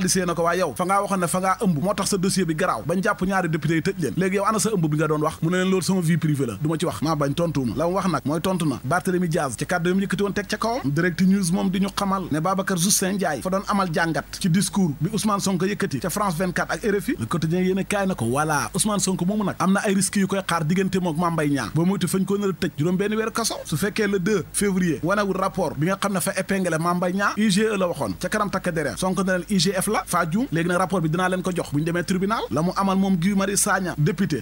léegi ne fa ngaa ëmb moo tax sa dossier bi garaaw bañ jàpp ana sa ëmb bi nga doon wax mu ne leen loolu sama vie privée la du ci wax maa bañ tontuuma la mu wax nag mooy tontu na Barthélemy Diaz ci kàddu yi mu yëkkati woon teg ca kawam direct news moom di ñu xamal ne Babacar Justin Ndiaye fa doon amal jàngat ci discours bi Ousmane Sonko yëkkati ca France 24 ak RFI le quotidien yéen a kaay na ko voilà Ousmane Sonko moomu nag am na ay risques yu koy xaar diggante mook Mame Mbaye Niang ba moytu fañ ko nar tëj bi nga xam ne e ko jox bu ñu demee moom Guy Marius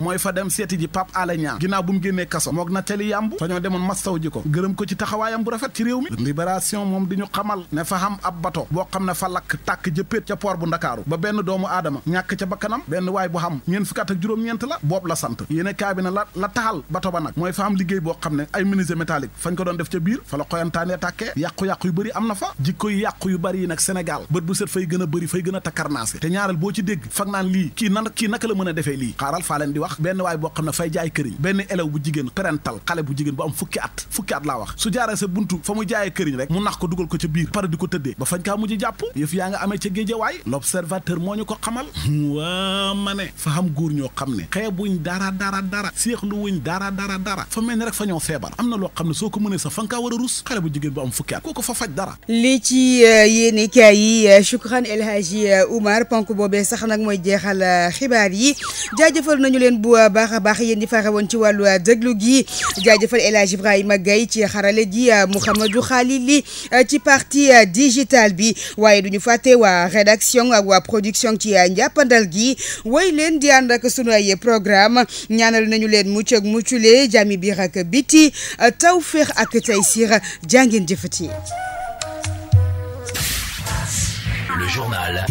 mooy fa dem seeti ji Pape Alé Niang ginnaaw bu mu génnee kaso mook na teli yàmb fa ñoo demoon mastaw ji ko gërëm ko ci taxawaayam bu rafet ci réew mi libération moom di ñu xamal ne fa xam ab bato boo xam ne fa lakk tàkk jëppéet ca port bu ndakaaru ba benn doomu aadama ñàkk ca bakkanam benn waay bu xam ñeent fukk ak juróom ñent la boobu la sant yéene kaa bi ne la la taxal bato ba nag mooy fa am liggéey boo xam ne ay menuisier métallique fañ ko doon def ca biir fa la xoyantaanee tàkkee yàqu-yàqu yu bëri am na fa jikko yu yu bëri yi nag Sénégal bët bu gën a bëri fay gën a takkarnaase te ñaareel boo ci dégg fag naan lii kii nan kii naka la mën a lii xaaral faa leen di wax wax benn waay boo xam ne fay jaay këriñ benn élève bu jigéen parental xale bu jigéen bu am fukki at fukki at laa wax su jaaree sa buntu fa mu jaayee këriñ rek mu nax ko dugal ko ca biir pare di ko tëddee ba fañ kaa mujj jàpp yëf yaa nga amee ca géejewaay l'observateur moo ñu ko xamal waa ma ne fa xam góor ñoo xam ne xeebuñ dara dara dara séexlu wuñ dara dara fa mel ni rek fa ñoo feebar am na loo xam ne soo ko mënee sa fa nga kaa war a rus xale bu jigéen bu am fukki at kooku fa faj dara lii ci euh, yéeni kaay yi euh, shukran El Hadji euh, ponk boobee sax nag mooy jeexal xibaar yi jaajëfal nañu leen bu baax a baax yéen di fare ci wàllu déglu gi jaajëfal El Hadj Ibrahima Gaye ci xarale gi euh, Mouhamadou Khalili euh, ci partie euh, digitale bi waaye du ñu fàtte waa rédaction ak waa production ci njàppandal gi woy leen di ànd ak sunu programme ñaanal nañu leen mucc ak muccule jàmmi biir ak biti tawféex ak taysir jàngeen jëfati Le journal